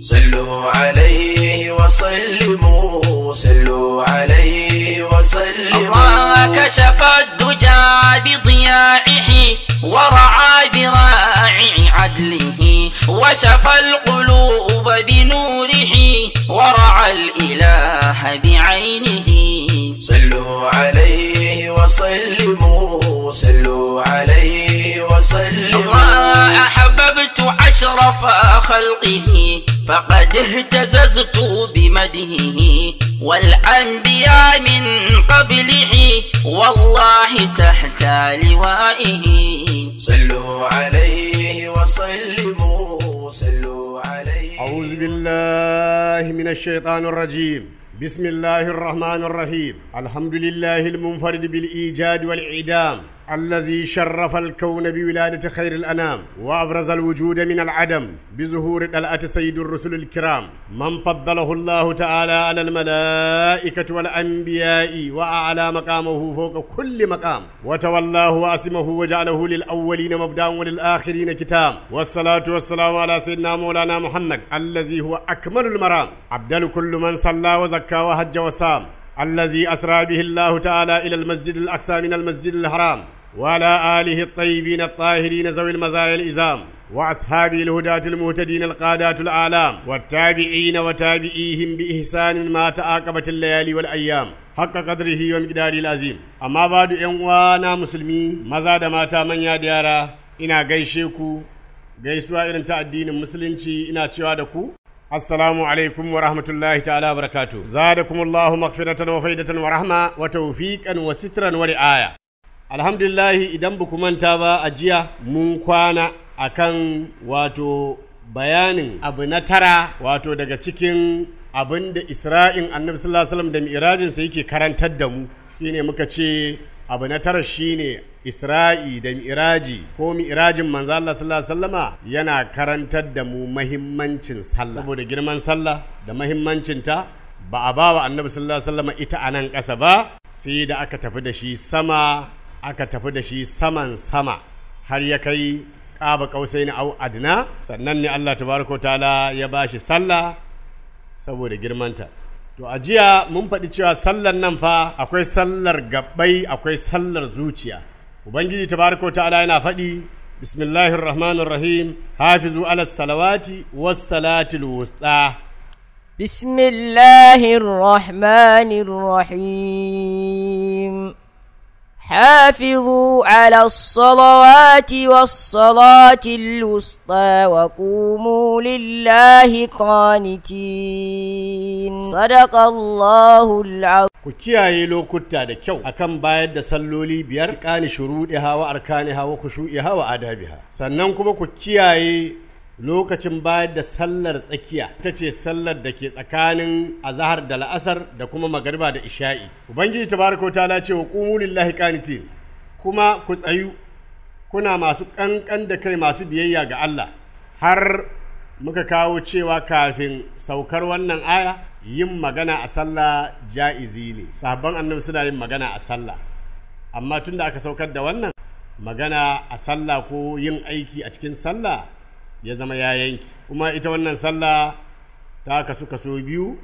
صلوا عليه وسلموا صلوا عليه وسلموا الله كشف الدجى بضياعه ورعى براعي عدله وشفى القلوب بنوره ورعى الإله بعينه صلوا عليه وسلموا صلوا عليه وسلموا الله أحببت أشرف خلقه فقد اهتززت بمدهه والأنبياء من قبله والله تحت لوائه صلوا عليه وسلموا صلوا عليه أعوذ بالله من الشيطان الرجيم بسم الله الرحمن الرحيم الحمد لله المنفرد بالإيجاد والإعدام الذي شرف الكون بولادة خير الأنام وأبرز الوجود من العدم بظهور دلأة سيد الرسل الكرام من فضله الله تعالى على الملائكة والأنبياء وأعلى مقامه فوق كل مقام وتولاه وأسمه وجعله للأولين مبدا وللآخرين كتاب والصلاة والسلام على سيدنا مولانا محمد الذي هو أكمل المرام عبدل كل من صلى وزكى وهج وسام الذي أسرى به الله تعالى إلى المسجد الأقصى من المسجد الحرام وعلى آله الطيبين الطاهرين ذوي المزايا الإزام وأصحاب الهداة المهتدين القادات الأعلام والتابعين وتابعيهم بإحسان ما تعاقبت الليالي والأيام حق قدره ومقداره العظيم أما بعد أنوانا مسلمي مزاد ما تامن يا ديارا إنا gaishe ku gaisuwa irin ta addinin musulunci ina cewa da ku assalamu alaikum wa rahmatullahi ta'ala barakatu Allahu maghfiratan wa faidatan wa rahma wa tawfiqan wa sitran wa ri'aya alhamdulillah idan ba manta ba a jiya mun kwana akan wato bayanin abu na tara wato daga cikin abin da isra'in annabi sallallahu alaihi wasallam da mi'rajinsa yake karantar da mu shine muka ce abu na tara shine Isra'i da Mi'raji ko Mi'rajin manzo Allah sallallahu alaihi wasallama yana karantar da mu mahimmancin sallah saboda girman sallah da ta ba a bawa Annabi sallallahu alaihi wasallama ita a nan ƙasa ba sai da aka tafi da shi sama aka tafi da shi saman sama har ya kai ƙaba ƙausai na au adna sannan ne Allah tabaraka ta'ala ya bashi sallah saboda girmanta to a jiya mun faɗi cewa sallar nan fa akwai sallar gabbai akwai sallar zuciya ubangiji tabaraka ta'ala yana faɗi bismillahir rahmanir rahim hafizu ala salawati was salatil wusta bismillahir rahmanir rahim حافظوا على الصلوات والصلاة الوسطى وقوموا لله قانتين صدق الله العظيم ku kiyaye lokuta da kyau akan bayar da salloli biyar kani shuruɗi hawa arkani hawa kushu'i hawa adabiha sannan kuma ku kiyaye lokacin bayar da sallar tsakiya ita ce sallar da ke tsakanin azahar da la'asar da kuma magariba da isha'i ubangiji ta tabaraka ta'ala ce wa qumu lillahi qanitin kuma ku tsayu kuna masu ƙanƙan da kai masu biyayya ga Allah har muka kawo cewa kafin saukar wannan aya yin magana a sallah ja'izi ne sahabban annabi suna yin magana a sallah amma tunda aka saukar da wannan magana a sallah ko yin aiki a cikin sallah ya zama ya yanki kuma ita wannan sallah ta kasu kaso biyu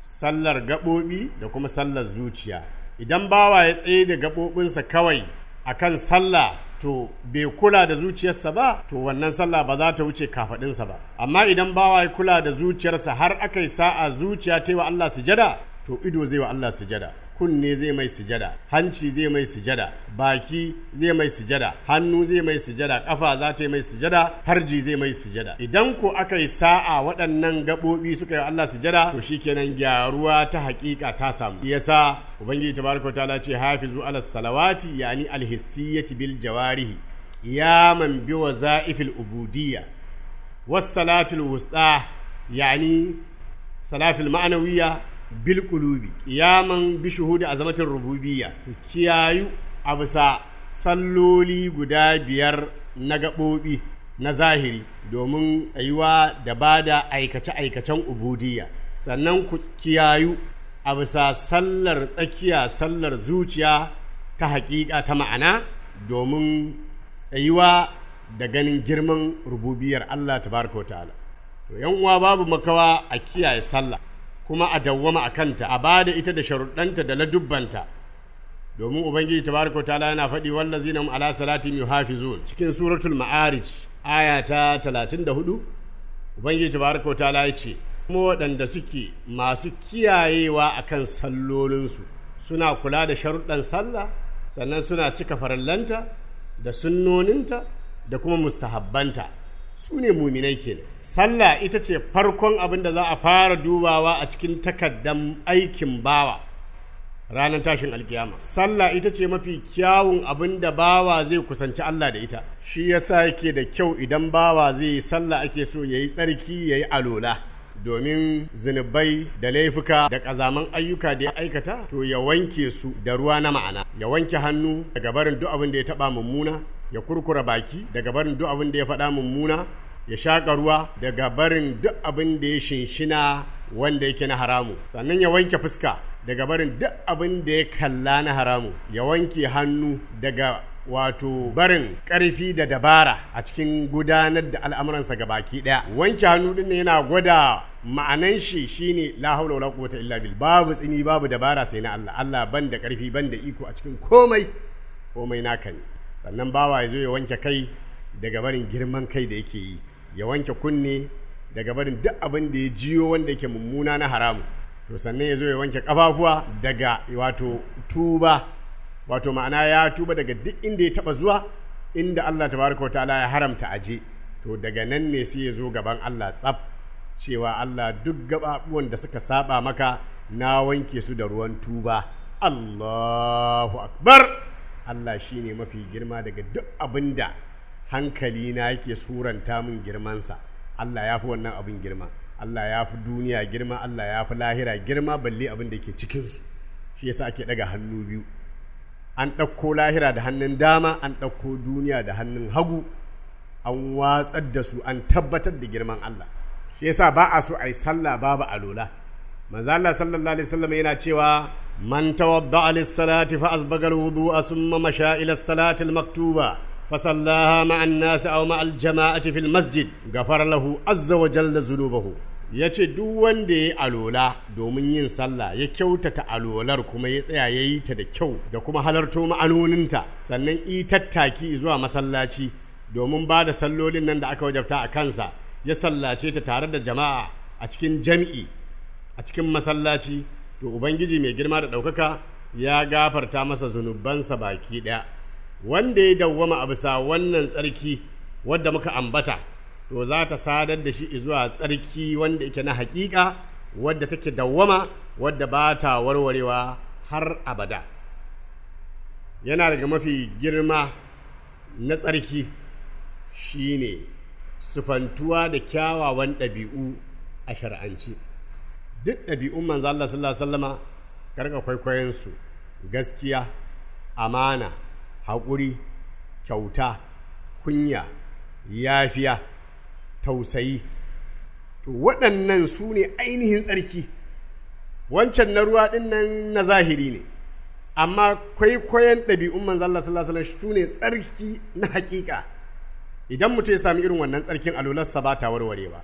sallar gaɓoɓi da kuma sallar zuciya idan bawa ya tsaye da gaɓoɓinsa kawai akan sallah to bai kula da zuciyarsa ba to wannan sallah ba za ta wuce kafaɗinsa ba amma idan bawa ya kula da zuciyarsa har aka yi sa'a zuciya ta yi wa Allah sujada to ido zai wa Allah sujada kunne zai mai sujada hanci zai mai sujada baki zai mai sujada hannu zai mai sujada kafa za ta mai sujada harji zai mai sujada idan ko aka yi sa'a waɗannan gaɓoɓi suka yi Allah sujada to shi shikenan gyaruwa ta haƙiƙa ta samu yasa ubangiji tabaraka ta'ala ce hafizu ala salawati yani alhissiyati bil jawarihi ya man bi wa za'ifil ubudiyya was salatul wusta yani salatul ma'anawiyya bilkulubi qulubi qiyaman bi shuhudi azamatin rububiyya ku kiyayu a bisa salloli guda biyar na gaɓoɓi na zahiri domin tsayuwa da ba da aikace-aikacen ubudiyya sannan ku kiyayu a bisa sallar tsakiya sallar zuciya ta haƙiƙa ta ma'ana domin tsayuwa da ganin girman rububiyar Allah ta wa ta'ala to yan uwa babu makawa a kiyaye sallah kuma a dawwama a kanta a bada ita da sharuɗanta da ladubbanta domin ubangiji tabaraka ta'ala yana faɗi wallazina hum ala salatihim yuhafizun cikin suratul ma'arij aya ta 34 ubangiji tabaraka ta'ala ya ce kuma waɗanda suke masu kiyayewa akan sallolinsu suna kula da sharuɗan sallah sannan suna cika farallanta da sunnoninta da kuma mustahabbanta su ne muminai ke sallah ita ce farkon abin da za a fara dubawa a cikin takaddan aikin bawa ranar tashin alkiyama sallah ita ce mafi kyawun abin da bawa zai kusanci Allah da ita shi yasa yake da kyau idan bawa zai yi sallah ake so ya yi tsarki ya yi alola domin zunubai da laifuka da ƙazaman ayyuka da ya aikata to ya wanke su da ruwa na ma'ana ya wanke hannu daga barin duk abin da ya taɓa mummuna ya kurkura baki daga barin duk abin da ya faɗa mummuna ya shaƙa ruwa daga barin duk abin da ya shinshina wanda yake na haramu sannan ya wanke fuska daga barin duk abin da ya kalla na haramu ya wanke hannu daga wato barin ƙarfi da dabara a cikin gudanar da al'amuransa ga baki ɗaya wanke hannu ɗin yana gwada ma'anan shi shine la haula wala quwwata illa billah babu tsini babu dabara sai na Allah Allah ban da ƙarfi ban da iko a cikin komai komai naka ne sannan bawa ya zo ya wanke kai daga barin girman kai da yake yi ya wanke kunne daga barin duk abin da ya jiyo wanda yake mummuna na haramu to sannan ya zo ya wanke kafafuwa daga wato tuba wato ma'ana ya tuba daga duk inda ya taba zuwa inda Allah tabaraka ta'ala ya haramta aje to daga nan ne sai ya zo gaban Allah tsaf cewa Allah duk gababuwan da suka saba maka na wanke su da ruwan tuba Allahu akbar Allah shi ne mafi girma daga duk abin da hankali na yake suranta min girmansa Allah ya fi wannan abin girma Allah ya fi duniya girma Allah ya fi lahira girma balle abin da ke cikinsu shi yasa ake daga hannu biyu an ɗauko lahira da hannun dama an ɗauko duniya da hannun hagu an watsar da su an tabbatar da girman Allah shi yasa ba a so a yi sallah babu alola manzo Allah sallallahu alaihi wasallam yana cewa من توضأ للصلاة فأسبق الوضوء ثم مشى إلى الصلاة المكتوبة فصلاها مع الناس أو مع الجماعة في المسجد غفر له عز وجل ذنوبه ya duk wanda ya alola domin yin sallah ya kyautata alolar kuma ya tsaya ya yi ta da kyau da kuma halarto ma'anoninta sannan i tattaki zuwa masallaci domin ba da sallolin nan da aka wajabta a kansa ya sallace ta tare da jama'a a cikin jami'i a cikin masallaci to ubangiji mai girma da ɗaukaka ya gafarta masa zunubansa baki ɗaya wanda ya dawwama a bisa wannan tsarki wadda muka ambata to za ta sadar da shi zuwa tsarki wanda yake na haƙiƙa wadda take dawwama wadda ba ta warwarewa har abada yana daga mafi girma na tsarki shine sufantuwa da kyawawan ɗabi'u a shar'anci. duk ɗabi'un manzo Allah sallallahu alaihi wasallama karka kwaikwayon su gaskiya amana haƙuri kyauta kunya yafiya tausayi to waɗannan su ne ainihin tsarki wancan na ruwa ɗin nan na zahiri ne amma kwaikwayon ɗabi'un manzo Allah sallallahu alaihi wasallam su ne tsarki na haƙiƙa idan mutum ya sami irin wannan tsarkin alolarsa ba ta warware ba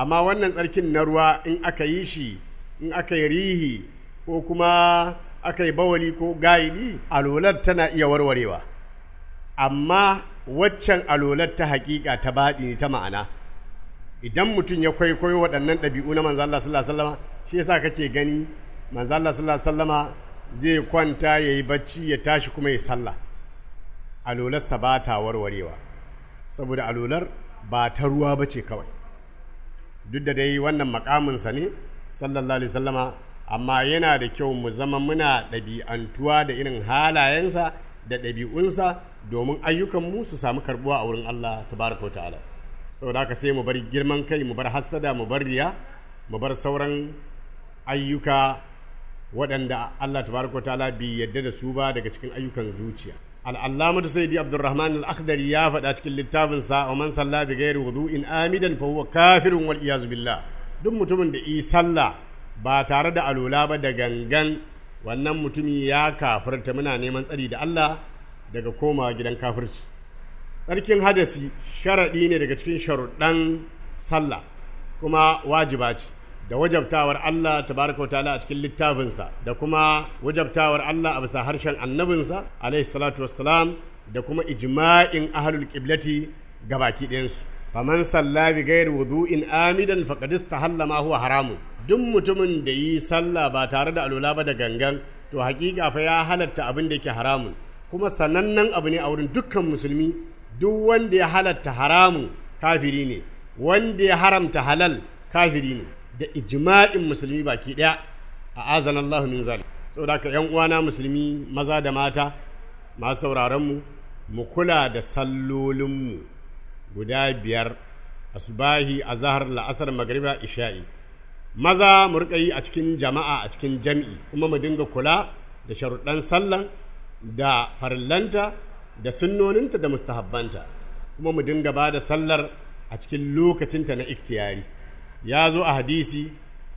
amma wannan tsarkin na ruwa in aka yi shi in aka yi rihi ko kuma aka yi bawali ko gaidi alolar tana iya warwarewa amma waccan alolar ta hakika ta baɗi ta ma'ana idan mutum ya kwaikwayo waɗannan ɗabi'u na manzo Allah sallallahu alaihi wasallam shi yasa kake gani manzo Allah zai kwanta yayi bacci ya tashi kuma ya sallah alolar sa ba ta warwarewa saboda alolar ba ta ruwa bace kawai duk da dai wannan makaminsa ne sallallahu alaihi sallama amma yana da kyau mu zama muna ɗabi'antuwa da irin halayensa da ɗabi'unsa domin ayyukanmu su samu karɓuwa a wurin Allah tabaraka wa ta'ala saboda haka sai mu bar girman kai mu bar hassada mu bar riya mu bar sauran ayyuka waɗanda Allah tabaraka wa ta'ala bai yadda da su ba daga cikin ayyukan zuciya al'allamu da sayyidi abdurrahman al-akhdari ya faɗa cikin littafin sa wa man salla bi ghairi wudu'in amidan fa huwa kafirun wal iyaz billah duk mutumin da yi sallah ba tare da alula ba da gangan wannan mutumi ya kafirta muna neman tsari da Allah daga komawa gidan kafirci tsarkin hadasi sharaɗi ne daga cikin sharuɗan sallah kuma wajiba ce da wajabtawar Allah tabaraka wa ta'ala a cikin littafinsa da kuma wajabtawar Allah a bisa harshen annabinsa alaihi salatu wassalam da kuma ijma'in ahlul qiblati gabaki ɗayansu faman salla bi wudu'in amidan faqad istahalla ma huwa haramun duk mutumin da yi sallah ba tare da alola ba da gangan to haƙiƙa fa ya halatta abin da yake haramun kuma sanannen abu ne a wurin dukkan musulmi duk wanda ya halatta haramun kafiri ne wanda ya haramta halal kafiri ne da ijma'in musulmi baki daya a azan Allah min zalik saboda ka yan uwana musulmi maza da mata masu sauraron mu mu kula da sallolin mu guda biyar asbahi azhar la'asar magriba isha'i maza mu rika yi a cikin jama'a a cikin jami'i kuma mu dinga kula da sharuɗan sallan da farillanta da sunnoninta da mustahabbanta kuma mu dinga ba da sallar a cikin lokacinta na iktiyari ya zo a hadisi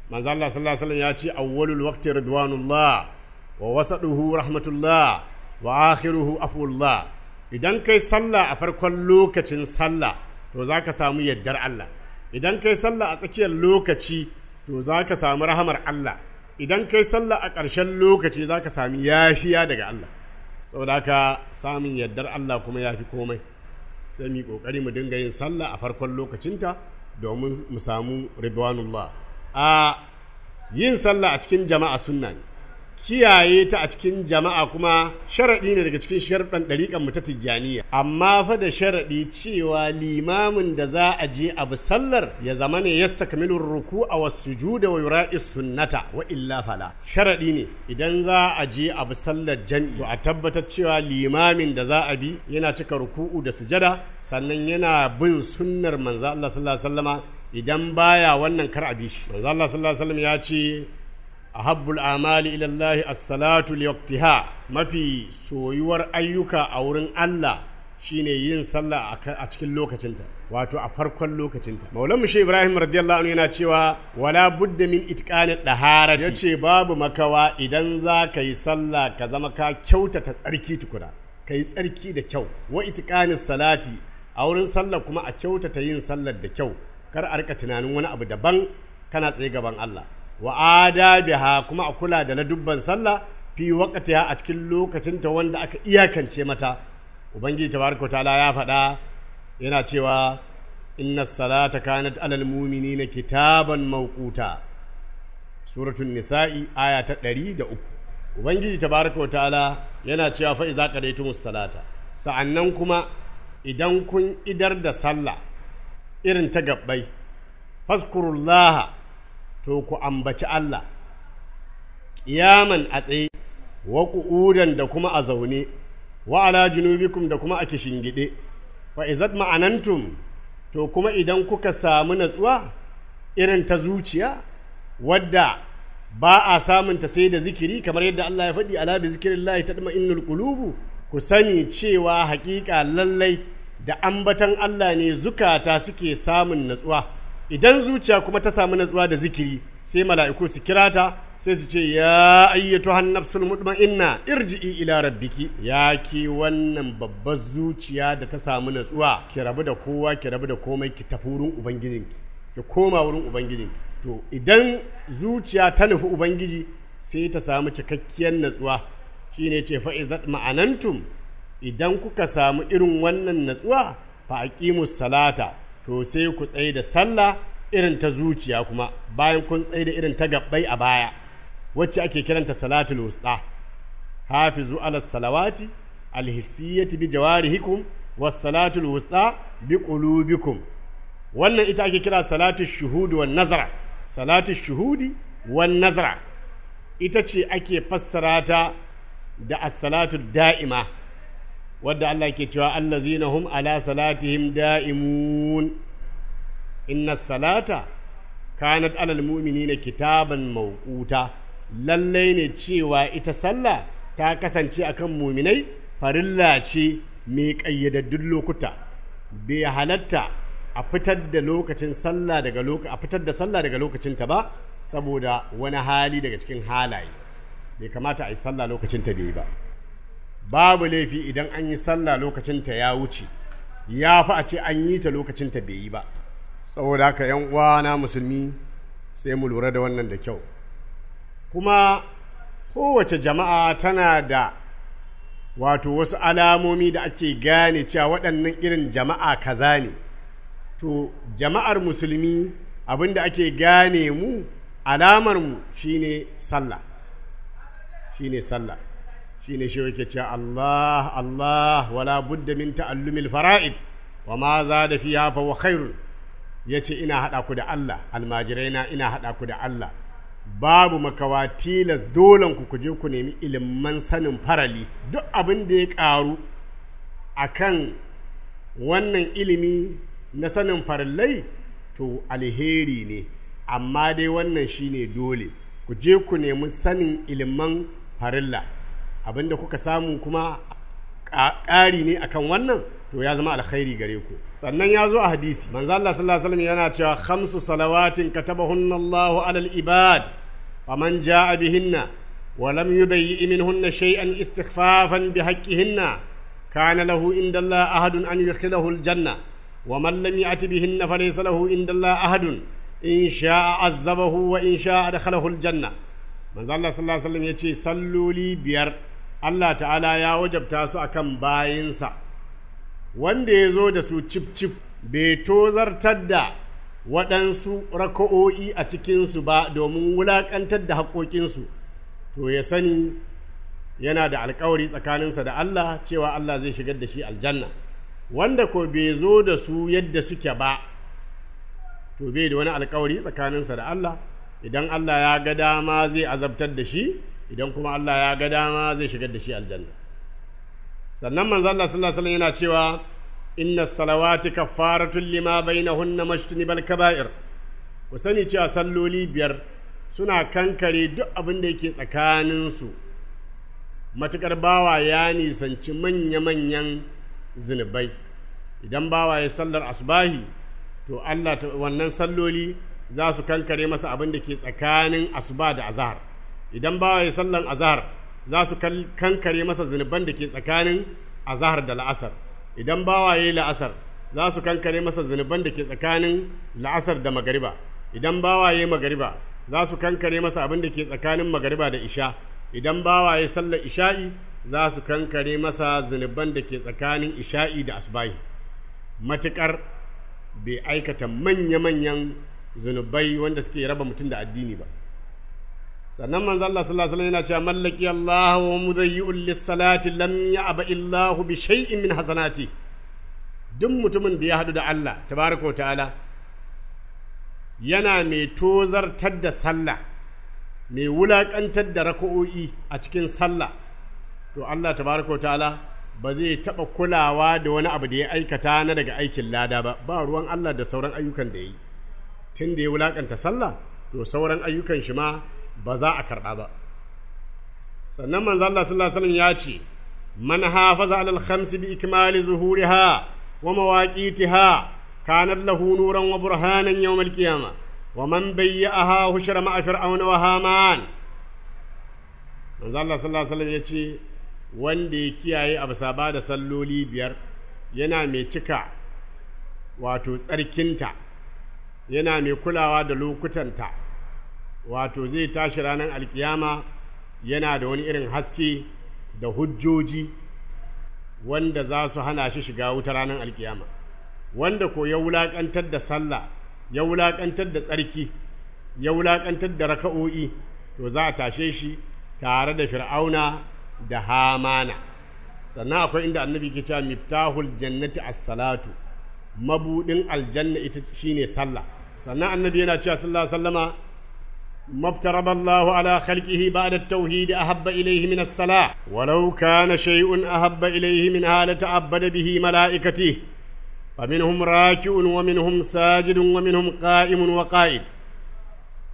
manzo Allah ya ce awwalul waqti ridwanullah wa wasaduhu rahmatullah wa akhiruhu afullah idan kai sallah a farkon lokacin sallah to zaka samu yaddar Allah idan kai sallah a tsakiyar lokaci to zaka samu rahamar Allah idan kai sallah a ƙarshen lokaci zaka sami yafiya daga Allah saboda haka samun yaddar Allah kuma yafi komai sai mu kokari mu dinga yin sallah a farkon lokacinta domin mu samu ridwanullah a yin sallah a cikin jama'a sunna ne kiyaye ta a cikin jama'a kuma sharaɗi ne daga cikin sharɗan ɗariƙan mu ta tijjaniya amma fa da sharaɗi cewa limamin da za a je abu sallar ya zama ne ya stakmilu ruku a wasu juda wa yura'i sunnata wa illa fala sharaɗi ne idan za a je abu sallar jan'i to a tabbatar cewa limamin da za a bi yana cika ruku'u da sujada sannan yana bin sunnar manzo Allah sallallahu alaihi wasallama idan baya wannan kar a bi shi manzo Allah sallallahu alaihi ya ce ahabbul amali ila Allah as mafi soyuwar ayyuka a wurin Allah shine yin sallah a cikin lokacinta wato a farkon lokacinta maulan mushe ibrahim radiyallahu anhu yana cewa wala budda min itqani daharati yace babu makawa idan za ka yi sallah ka zama ka kyautata tsarki tukura ka yi tsarki da kyau wa itqani salati a wurin sallah kuma a kyautata yin sallar da kyau kar a rika tunanin wani abu daban kana tsaye gaban Allah wa adabiha kuma a kula da ladubban sallah fi waqtiha a cikin lokacin ta wanda aka iyakance mata ubangiji tabaraka taala ya faɗa yana cewa inna salata kanat alal mu'minina kitaban mawquta suratul nisa'i aya ta 103 ubangiji tabaraka taala yana cewa fa iza qadaytumus salata sa'annan kuma idan kun idar da sallah irin ta gabbai fazkurullaha to ku ambaci Allah ƙiyaman a tsaye wa da kuma a zaune wa ala junubikum da kuma a kishingide fa izat ma'anantum to kuma idan kuka samu natsuwa irin ta zuciya wadda ba a samunta sai da zikiri kamar yadda Allah ya faɗi ala bi zikirillahi tadma'innul qulubu ku sani cewa haƙiƙa lallai da ambatan Allah ne zukata suke samun natsuwa idan zuciya kuma ta samu natsuwa da zikiri sai mala'iku su kira ta sai su ce ya ayyatu hannafsul inna irji'i ila rabbiki ya ki wannan babbar zuciya da ta samu natsuwa ki rabu da kowa ki rabu da komai ki tafi wurin ubangijin ki koma wurin ubangijin to idan zuciya ta nufi ubangiji sai ta samu cikakkiyar natsuwa shine ce fa'izat ma'anantum idan kuka samu irin wannan natsuwa fa aqimus salata to sai ku tsaye da sallah irin ta zuciya kuma bayan kun tsaye da irin ta gabbai a baya wacce ake kiranta salatul wusta hafizu ala salawati alhisiyati bi jawarihikum was salatul wusta bi qulubikum wannan ita ake kira salatu shuhudi wan nazara salatu shuhudi wan nazara ita ce ake fassara ta da as-salatu da'ima wadda Allah ke cewa allazina hum ala salatihim da'imun inna salata kanat alal na kitaban mawquta lallai ne cewa ita sallah ta kasance a kan muminai farilla ce mai ƙayyadaddun lokuta bai halatta a fitar da lokacin sallah daga a fitar da sallah daga lokacinta ba saboda wani hali daga cikin halaye bai kamata a yi sallah lokacinta ta bai ba babu laifi idan an yi sallah lokacinta ya wuce ya fi a ce an yi ta lokacinta bai yi ba saboda haka yan uwa na musulmi sai mu lura da wannan da kyau kuma kowace jama'a tana da wato wasu alamomi da ake gane cewa waɗannan irin jama'a kaza ne to jama'ar musulmi abin da ake gane mu alamar mu shine sallah shine sallah ne shi wake cewa Allah Allah wala budda min ta'allumil fara'id wa ma fi ya fa wa khairun yace ina haɗa ku da Allah almajiraina ina haɗa ku da Allah babu makawa tilas dolan ku kuje ku nemi ilimin sanin farali duk abin da ya karu akan wannan ilimi na sanin farallai to alheri ne amma dai wannan shine dole ku je ku nemi sanin ilimin farilla abinda kuka samu kuma ƙari ne akan wannan to ya zama alkhairi gare ku sannan ya zo a hadisi manzo Allah sallallahu alaihi wasallam yana cewa khamsu salawatin katabahunna Allahu alal ibad faman jaa bihinna wa lam yubayyi minhunna shay'an istighfafan bihaqqihinna kana lahu inda Allah ahadun an yudkhilahu aljanna wa man lam ya'ti bihinna falaysa lahu inda Allah ahadun in sha'a azzabahu wa in sha'a dakhalahu aljanna manzo Allah sallallahu alaihi wasallam yace salloli biyar Allah ta'ala ya wajabta su a kan bayinsa wanda ya zo da su cif cif bai tozartar da waɗansu raka'o'i a cikinsu ba domin wulaƙantar da haƙoƙinsu to ya sani yana da alkawari tsakaninsa da Allah cewa Allah zai shigar da shi aljanna wanda ko bai zo da su yadda suke ba to bai da wani alkawari tsakaninsa da Allah idan Allah ya ga dama zai azabtar da shi idan kuma Allah ya ga dama zai shigar da shi aljanna sannan manzon Allah sallallahu alaihi yana cewa inna salawati kaffaratun lima bainahunna bal kaba'ir ku sani cewa salloli biyar suna kankare duk abin da yake tsakaninsu matukar bawa ya nisanci manya-manyan zunubai idan bawa ya sallar asbahi to Allah wannan salloli za su kankare masa abin da ke tsakanin asuba da azahar idan ba ya sallan azahar za su kankare masa zunuban da ke tsakanin azahar da la'asar idan ba ya yi la'asar za su kankare masa zunuban da ke tsakanin la'asar da magariba idan ba ya yi magariba za su kankare masa abin da ke tsakanin magariba da isha idan bawa ya sallar isha'i za su kankare masa zunuban da ke tsakanin isha'i da asubahi matuƙar bai aikata manya-manyan zunubai wanda suke raba mutum da addini ba sannan manzo Allah sallallahu alaihi yana cewa mallaki Allah wa mudayyi'ul lis-salati lam ya'ba illahu bi shay'in min hasanati duk mutumin da ya hadu da Allah tabaraka wa ta'ala yana mai tozartar da sallah mai wulakantar da rako'o'i a cikin sallah to Allah tabaraka wa ta'ala ba zai taba kulawa da wani abu da ya aikata na daga aikin lada ba ba ruwan Allah da sauran ayyukan da ya yi tun da ya wulakanta sallah to sauran ayyukan shi ma ba za a karɓa ba sannan manzo Allah sallallahu alaihi wasallam ya ce man hafaza alal khamsi bi ikmali zuhuriha wa mawaqitiha kana lahu nuran wa burhanan yawm al wa man bayyaha hushra ma'a fir'auna wa haman manzo Allah sallallahu alaihi wasallam ya ce wanda ya kiyaye absaba ba da salloli biyar yana mai cika wato tsarkinta yana mai kulawa da lokutanta wato zai tashi ranar alkiyama yana da wani irin haske da hujjoji wanda za su hana shi shiga wuta ranar alkiyama wanda ko ya wulaƙantar da sallah ya wulaƙantar da tsarki ya wulaƙantar da raka'o'i to za a tashe shi tare da fir'auna da hamana sannan akwai inda annabi ke cewa miftahul jannati as-salatu mabudin aljanna ita shine sallah sannan annabi yana cewa sallallahu alaihi wasallama ما افترض الله على خلقه بعد التوحيد أحب إليه من الصلاة ولو كان شيء أحب إليه منها لتعبد به ملائكته فمنهم راكع ومنهم ساجد ومنهم قائم وقائد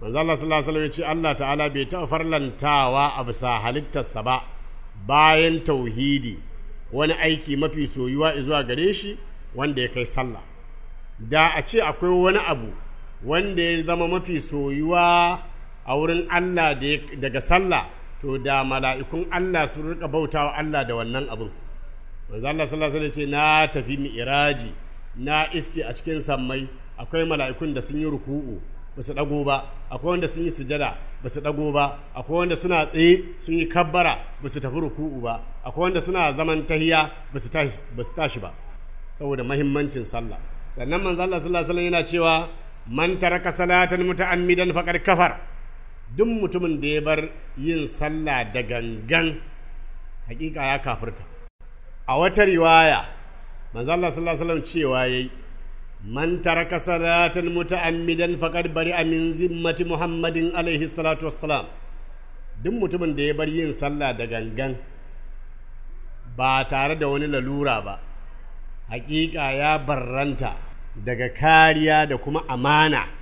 من الله صلى الله عليه وسلم يقول الله تعالى بيتغفر لن تاوى أبسا حلت السبع باين توحيدي وانا ايكي ما في سويوا إزوا قريشي وان ديكي صلى da a ce akwai wani abu wanda ya zama mafi soyuwa a wurin Allah daga sallah to da mala'ikun Allah sun rika bauta wa Allah da wannan abin manzo Allah sallallahu alaihi na tafi mi'raji na iske a cikin sammai akwai mala'ikun da sun yi ruku'u ba su dago ba akwai wanda sun yi sujada ba su dago ba akwai wanda suna tsaye sun yi kabbara ba su tafi ruku'u ba akwai wanda suna zaman tahiya ba su tashi ba saboda mahimmancin sallah sannan manzo Allah sallallahu alaihi yana cewa man taraka salatan muta'ammidan faqad kafar duk mutumin da ya bar yin sallah da gangan hakika ya kafirta a wata riwaya manzo sallallahu alaihi wasallam cewa yayi man taraka salatan muta'ammidan faqad bari'a min zimmati Muhammadin alaihi salatu wassalam duk mutumin da ya bar yin sallah da gangan ba tare da wani lalura ba hakika ya barranta daga kariya da kuma amana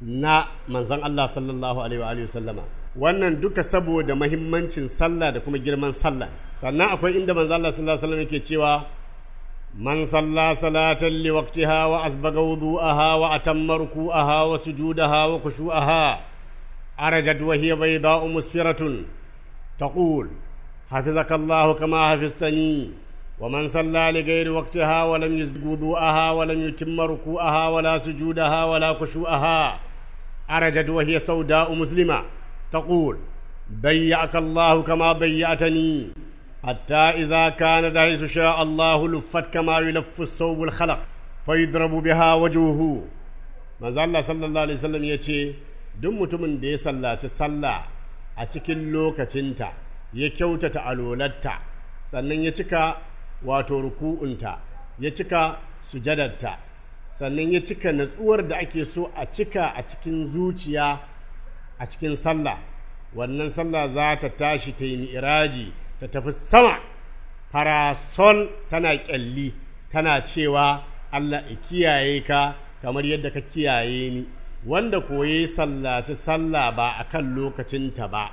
na manzan Allah sallallahu alaihi wa sallama wannan duka saboda mahimmancin sallah da kuma girman sallah sannan akwai inda manzan Allah sallallahu alaihi wa yake cewa man salla salatan li waqtiha wa asbaga wudu'aha wa atamma ruku'aha wa sujudaha wa khushu'aha arajat wa hiya bayda'u musfiratun taqul hafizakallahu kama hafiztani ومن صلى لغير وقتها ولم يسبق وضوءها ولم يتم ركوعها ولا سجودها ولا خشوعها أرجت وهي سوداء مسلمة تقول بيعك الله كما بيعتني حتى إذا كان دعيس شاء الله لفت كما يلف الصوب الخلق فيضرب بها وجهه manzo Allah sallallahu alaihi wasallam ya ce duk mutumin da ya sallaci sallah a cikin lokacinta ya kyautata alolarta sannan ya cika wato ruku'unta ya cika sujadarta sannan ya cika natsuwar da ake so a cika a cikin zuciya a cikin sallah wannan sallah za ta tashi ta yi iraji ta tafi sama farasol tana kyalli tana cewa allah ya kiyaye ka kamar yadda ka kiyaye ni wanda koyi sallaci sallah ba a kan lokacinta ba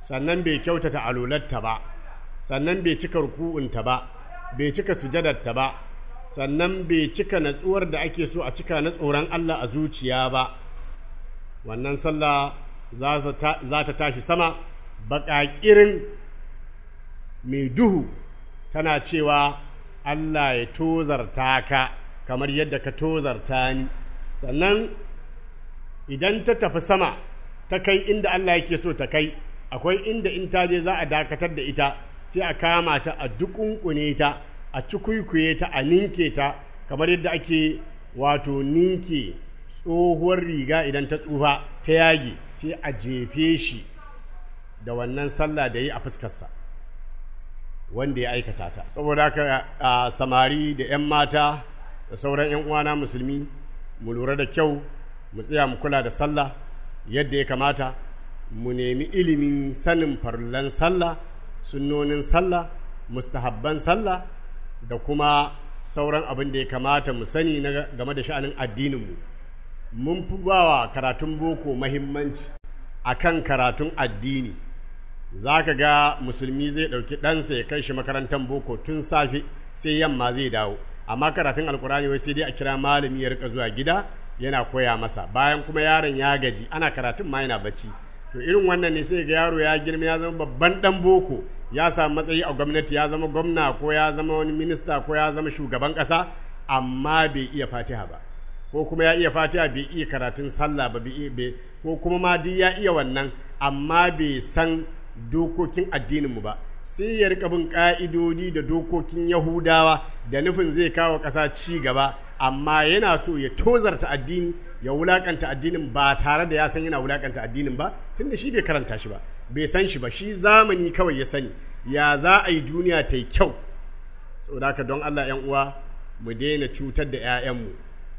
sannan bai kyautata alularta ba sannan bai cika ruku'unta ba bai cika sujadarta ba sannan bai cika natsuwar da ake so a cika na tsoron Allah a zuciya ba wannan sallah za ta tashi sama baƙaƙirin mai duhu tana cewa Allah ya tozarta ka kamar yadda ka tozarta ni sannan idan ta tafi sama ta kai inda Allah yake so ta kai akwai inda in ta je za a dakatar da ita sai a kama ta a dukunkune ta a cikuikuye ta a ninke ta kamar yadda ake wato ninke tsohuwar riga idan ta tsufa ta yage sai a jefe shi da wannan sallah da yi a fuskarsa wanda ya aikata ta saboda haka a samari da 'yan mata da sauran 'yan uwana musulmi mu lura da kyau mu tsaya mu kula da sallah yadda ya kamata mu nemi ilimin sanin farlan sallah sunnonin sallah mustahabban sallah da kuma sauran abin da ya kamata mu sani game da sha'anin addininmu mun fi bawa karatun boko mahimmanci a kan karatun addini za ka ga musulmi zai ɗauki ɗansa ya kai shi makarantar boko tun safe sai yamma zai dawo amma karatun alkurani wai sai dai a kira malami ya rika zuwa gida yana koya masa bayan kuma yaron ya gaji ana karatun ma yana bacci to irin wannan ne sai ga yaro ya girma ya zama babban dan boko ya samu matsayi a gwamnati ya zama gwamna ko ya zama wani minista ko ya zama shugaban kasa amma bai iya fatiha ba ko kuma ya iya fatiha bai iya karatun sallah ba bai ko kuma ma duk ya iya wannan amma bai san dokokin addinin mu ba sai ya rika bin ka'idodi da dokokin yahudawa da nufin zai kawo kasa ci gaba amma yana so ya tozarta addini ya wulakanta addinin ba tare da ya san yana wulakanta addinin ba tunda shi bai karanta shi ba bai san shi ba shi zamani kawai ya sani ya za a yi duniya ta yi kyau saboda haka don Allah ‘yan uwa mu daina cutar da ‘ya'yanmu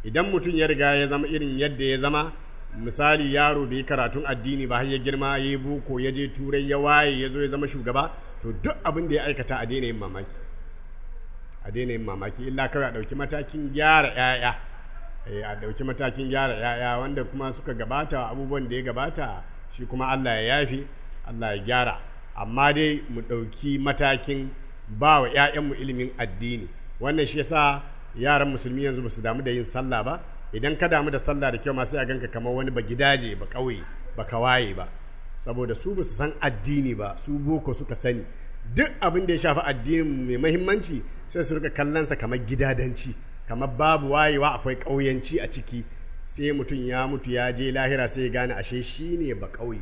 idan mutum ya riga ya zama irin yadda ya zama misali yaro bai karatun addini ba har ya girma ya yi boko ya je turai ya waye ya zo ya zama shugaba to duk abin da ya aikata a daina yin mamaki a daina yin mamaki illa kawai a ɗauki matakin gyara ‘ya'ya eh, a ɗauki matakin gyara ‘ya'ya wanda kuma suka gabata abubuwan da ya gabata shi kuma Allah ya yafe. Allah ya gyara amma dai mu ɗauki matakin ba wa 'ya'yanmu ilimin addini wannan shi yasa yaran musulmi yanzu ba su damu da yin sallah ba idan ka damu da sallah da kyau masu ya ganka kamar wani ba gidaje ba ƙauye ba kawaye ba saboda su ba su san addini ba su boko suka sani duk abin da ya shafi addini mai mahimmanci sai su rika kallonsa kamar gidadanci kamar babu wayewa akwai kauyanci a ciki sai mutum ya mutu ya je lahira sai ya gane ashe shi ne ba ƙauye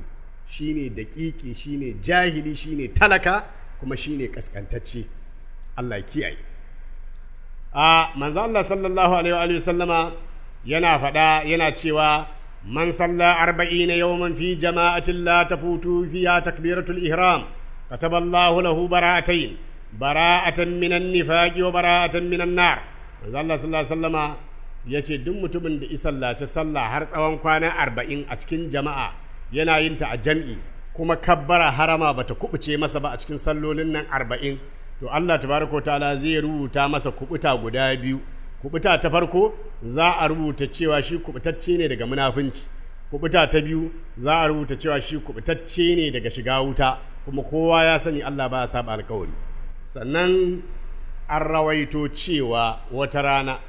shine daƙiƙi shine jahili shine talaka kuma shine kaskantacce Allah kiyaye a manzo Allah sallallahu alaihi wa sallama yana faɗa yana cewa man salla arba'ina yawman fi jama'atin la tafutu fiha takbiratul ihram kataballahu lahu bara'atayn bara'atan minan nifaqi wa bara'atan minan nar manzo Allah sallallahu alaihi wa sallama yace duk mutumin da isallace sallah har tsawon kwana arba'in a cikin jama'a yana yin ta a jam'i kuma kabbara harama bata kubuce masa ba a cikin sallolin nan arba'in to Allah tabaraka ta'ala zai rubuta masa kubuta guda biyu kubuta ta farko za a rubuta cewa shi kubutacce ne daga munafunci kubuta ta biyu za a rubuta cewa shi kubutacce ne daga shiga wuta kuma kowa ya sani Allah ba ya saba alkawari sannan an rawaito cewa wata rana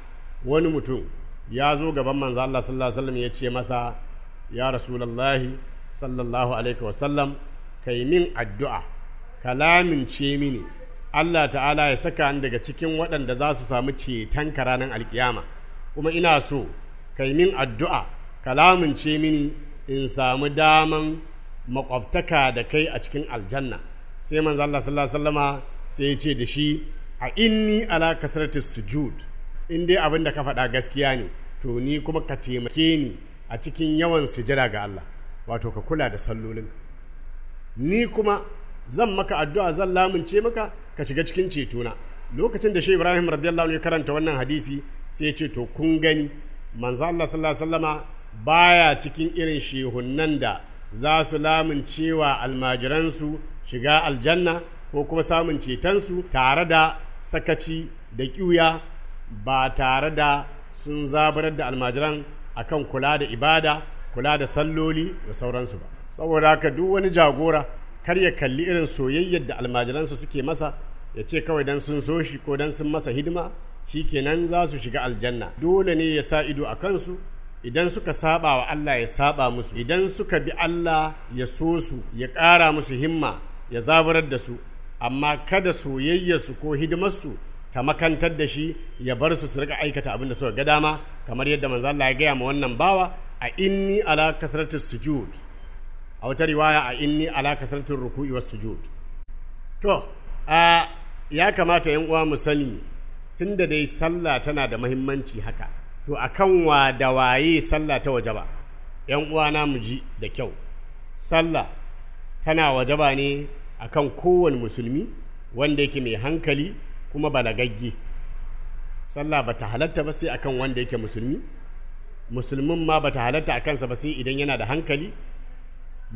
wani mutum ya zo gaban manzo Allah sallallahu alaihi wasallam ya ce masa ya rasulallahi sallallahu alaihi wasallam ka yi min addu'a kalamin ce mini Allah ta'ala ya saka ni daga cikin waɗanda za su samu ceton ka ranar alkiyama kuma ina so ka min addu'a kalamin ce mini in samu daman makwabtaka da kai a cikin aljanna sai manzo Allah sallallahu alaihi wasallama sai ya ce da shi a inni ala kasratis sujud in dai abin da ka faɗa gaskiya ne to ni kuma ka taimake ni a cikin yawan sujada ga Allah wato ka kula da sallolin ni kuma zan maka addu'a zan lamunce maka ka shiga cikin cetona lokacin da shi Ibrahim radiyallahu anhu ya karanta wannan hadisi sai ya ce to kun gani manzo Allah sallallahu baya cikin irin shehunnan da za su lamuncewa almajiransu shiga aljanna ko kuma samun cetonsu tare da sakaci da ƙiuya ba tare da sun zabarar da almajiran akan kula da ibada kula da salloli da sauransu ba saboda haka duk wani jagora kar ya kalli irin soyayyar da almajiransu suke masa ya ce kawai dan sun so shi ko dan sun masa hidima shi kenan za su shiga aljanna dole ne ya sa ido a kansu idan suka saba wa Allah ya saba musu idan suka bi Allah ya so su ya kara musu himma ya zaburar da su amma kada soyayyarsu ko hidimarsu ta makantar da shi ya bar su su rika aikata abin da suka ga dama kamar yadda manzo Allah ya gaya ma wannan bawa a inni ala kasratu sujud a wata riwaya a inni ala kasratu ruku'i was sujud to a ya kamata yan uwa mu sani tunda dai sallah tana da muhimmanci haka to akan wa da waye sallah ta wajaba yan uwa na mu ji da kyau sallah tana wajaba ne akan kowane musulmi wanda yake mai hankali kuma balagagge sallah bata halatta ba sai akan wanda yake musulmi musulmin ma bata halatta a kansa ba sai idan yana da hankali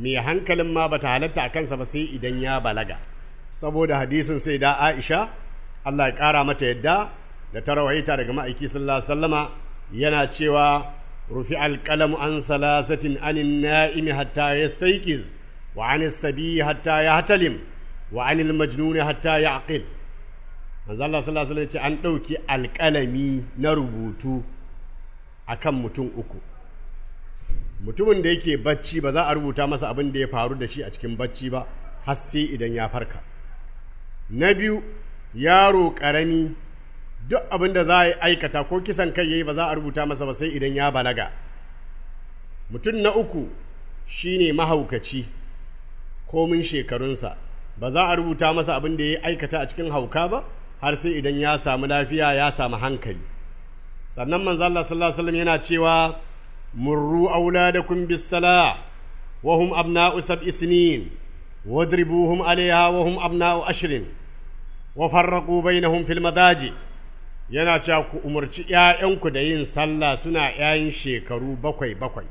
mai hankalin ma bata halatta a kansa ba sai idan ya balaga saboda hadisin sai da aisha allah ya kara mata yadda da ta rawaita daga ma'aiki sallallahu yana cewa rufi alƙalam an salasatin anin na'imi hatta yastaiqiz wa anis sabi hatta yahtalim wa anil majnuni hatta ya'qil Allah sallallahu alaihi ce an ɗauki alƙalami na rubutu akan mutum uku mutumin da yake bacci ba za a rubuta masa abin da ya faru da shi a cikin bacci ba har sai idan ya farka na biyu yaro ƙarami duk abin da za a aikata ko kisan kai yayi ba za a rubuta masa ba sai idan ya balaga mutum na uku shine mahaukaci komin shekarunsa ba za a rubuta masa abin da ya aikata a cikin hauka ba har sai idan ya samu lafiya ya samu hankali sannan manzo Allah sallallahu alaihi wasallam yana cewa murru auladakum bis sala wa hum abna'u sab'i sinin wadribuhum alaiha wa hum abna'u ashrin wa farraqu bainahum fil madaji yana cewa ku umarci ƴaƴanku da yin sallah suna ƴaƴan shekaru bakwai bakwai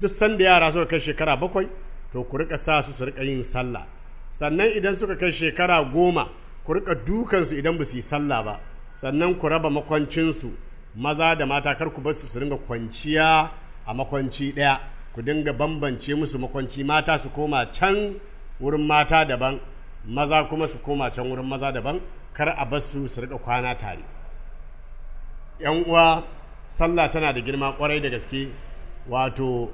duk sanda yara suka kai shekara bakwai to ku rika sa su su rika yin sallah sannan idan suka kai shekara goma ku rika dukansu idan ba su yi sallah ba sannan ku raba makwancinsu maza da mata kar ku bar su su kwanciya a makwanci ɗaya ku dinga bambance musu makwanci mata su koma can wurin mata daban maza kuma su koma can wurin maza daban kar a bar su su kwana tare yan uwa sallah tana da girma kwarai da gaske wato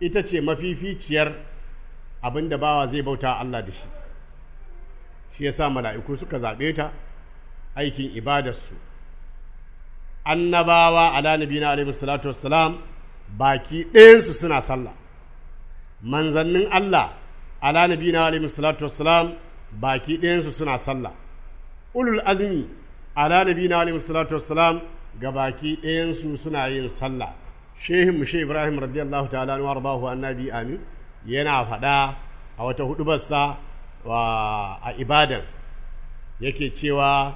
ita ce mafificiyar abin da bawa zai bauta Allah da shi shi ya sa mala'iku suka zaɓe ta aikin ibadarsu annabawa ala nabina alaihi salatu wassalam baki ɗayansu suna sallah manzannin Allah ala nabina alaihi salatu wassalam baki ɗayansu suna sallah ulul azmi ala nabina alaihi salatu wassalam ga baki ɗayansu suna yin sallah shehin mushe ibrahim radiyallahu ta'ala anhu arbahu annabi amin yana faɗa a wata hudubarsa wa a ibadan yake cewa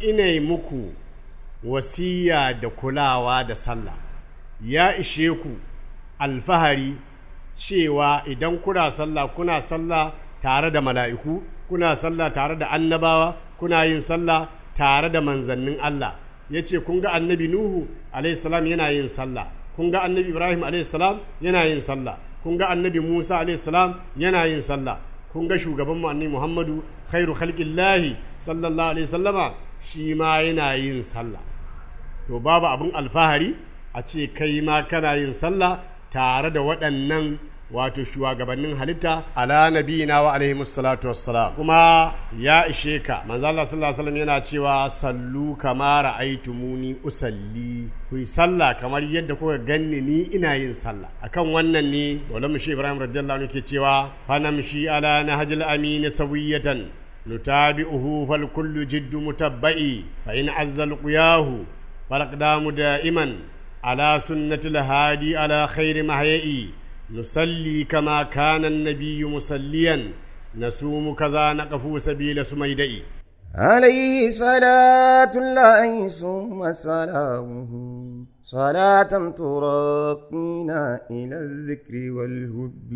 ina yi muku wasiya da kulawa da sallah ya ishe ku alfahari cewa idan kuna sallah kuna sallah tare da mala'iku kuna sallah tare da annabawa kuna yin sallah tare da manzannin Allah ya ce kun annabi Nuhu salam yana yin sallah kun annabi Ibrahim salam yana yin sallah kun annabi Musa salam yana yin sallah kun ga shugaban mu annabi Muhammadu khairu khalqillahi sallallahu alaihi sallama shi ma yana yin sallah to babu abin alfahari a ce kai ma kana yin sallah tare da waɗannan wato shugabannin halitta ala nabiyina wa alaihi salatu wassalam kuma ya ishe ka manzo Allah sallallahu alaihi wasallam yana cewa sallu kama ra'aytumuni usalli ku yi sallah kamar yadda kuka ganni ni ina yin sallah akan wannan ne walamu shi Ibrahim radiyallahu anhu ke cewa fanamshi ala nahjil amin sawiyatan nutabi'uhu fal kullu jiddu mutabba'i fa in azzal quyahu fal da'iman ala sunnatil hadi ala khairi mahya'i نصلي كما كان النبي مصليا نسوم كذا نقف سبيل سميدئ عليه صلاة الله ثم سلامه صلاة تراقينا إلى الذكر والهب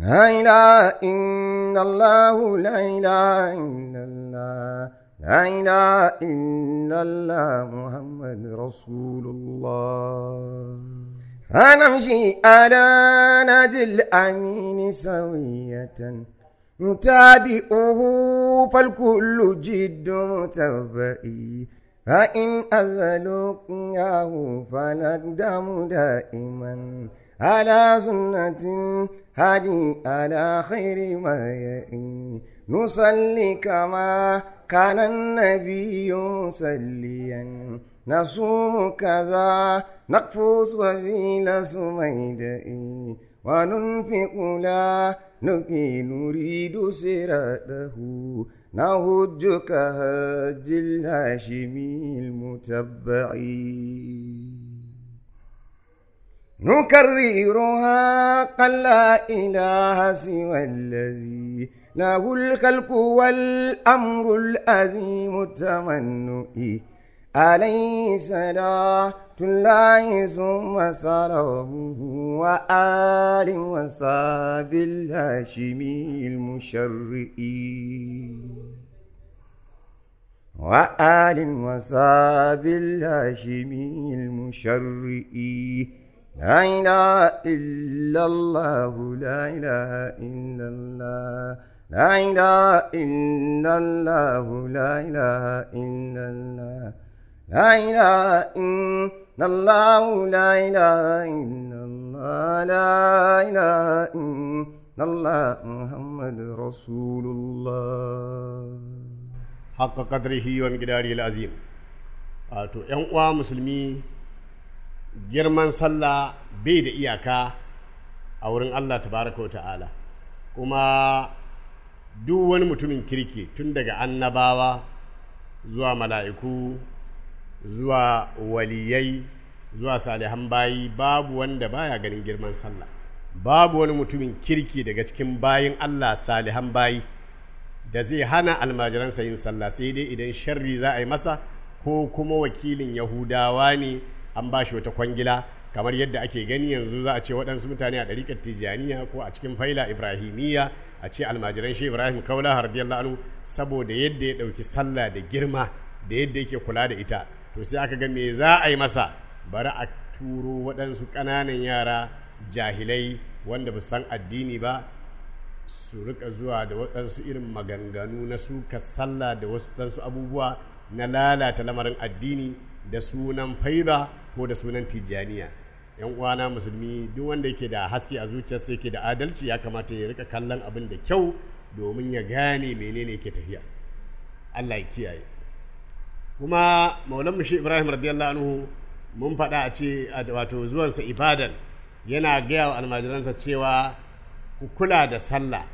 لا إله إلا الله لا إله إلا الله لا إله إلا الله محمد رسول الله هنمشي على نادي الأمين سوية نتابعه فالكل جد متبئي فإن أزلقناه فنقدم دائما على سنة هادي على خير ما يئن نصلي كما كان النبي مصليا نصوم كذا نقفو سبيل سميدئي وننفق لا نبي نريد سراته نهج كهج الهاشمي المتبع نكررها قل لا إله سوى الذي له الخلق والأمر الأزيم التمنئ عليه صلاة الله ثم صلاه وآل وصاب الهاشمي المشرئين وآل وصاب الهاشمي المشرئين لا إله إلا الله لا إله إلا الله لا إله إلا الله لا إله إلا الله لا إله إلا الله لا إله إلا الله لا إله إلا الله محمد رسول الله حق قدره ومقداره العظيم to ‘yan uwa musulmi girman sallah bai da iyaka a wurin Allah tabaraka wa ta'ala kuma duk wani mutumin kirki tun daga annabawa zuwa mala'iku zuwa waliyai zuwa salihan bayi babu wanda baya ganin girman sallah babu wani mutumin kirki daga cikin bayin Allah salihan bayi da zai hana almajiransa yin sallah sai dai idan sharri za a yi masa ko kuma wakilin yahudawa ne an ba shi wata kwangila kamar yadda ake gani yanzu za a ce waɗansu mutane a ɗariƙar tijaniya ko a cikin faila ibrahimiyya a ce almajiran shi ibrahim kaula La'anu, saboda yadda ya ɗauki sallah da girma da yadda yake kula da ita to sai aka ga me za a yi masa bari a turo waɗansu ƙananan yara jahilai wanda ba san addini ba su rika zuwa da waɗansu irin maganganu na suka sallah da wasu ɗansu abubuwa na lalata lamarin addini da sunan Faiba ko da sunan Tijaniya. yan uwana musulmi duk wanda yake da haske a zuciyarsa yake da adalci ya kamata ya rika kallon abin da kyau domin ya gane menene yake tafiya Allah ya kiyaye kuma maulan mushi ibrahim radiyallahu anhu mun faɗa a ce wato zuwansa ibadan yana gaya wa almajiransa cewa ku kula da sallah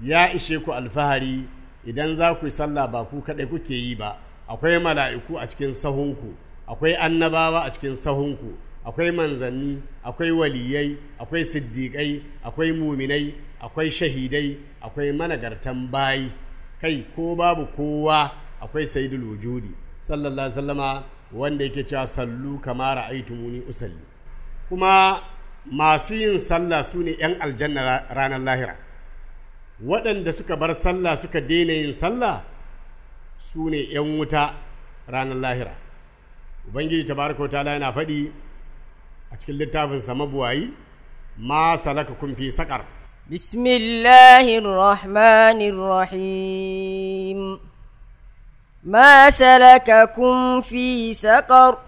ya ishe ku alfahari idan za ku yi sallah ba ku kaɗai kuke yi ba akwai mala'iku a cikin sahunku akwai annabawa a cikin sahunku akwai manzanni akwai waliyai akwai siddiƙai akwai muminai akwai shahidai akwai managartan bayi kai ko babu kowa akwai saidul wujudi sallallahu alaihi wasallama wanda yake cewa sallu kama ra'aytumuni usalli kuma masu yin sallah su ne 'yan aljanna ranar lahira waɗanda suka bar sallah suka daina yin sallah su ne 'yan wuta ranar lahira ubangiji tabaraka ta'ala yana faɗi a cikin littafin littafinsa mabuwayi ma salaka kun kumfi sakar rahim. ما سلككم في سقر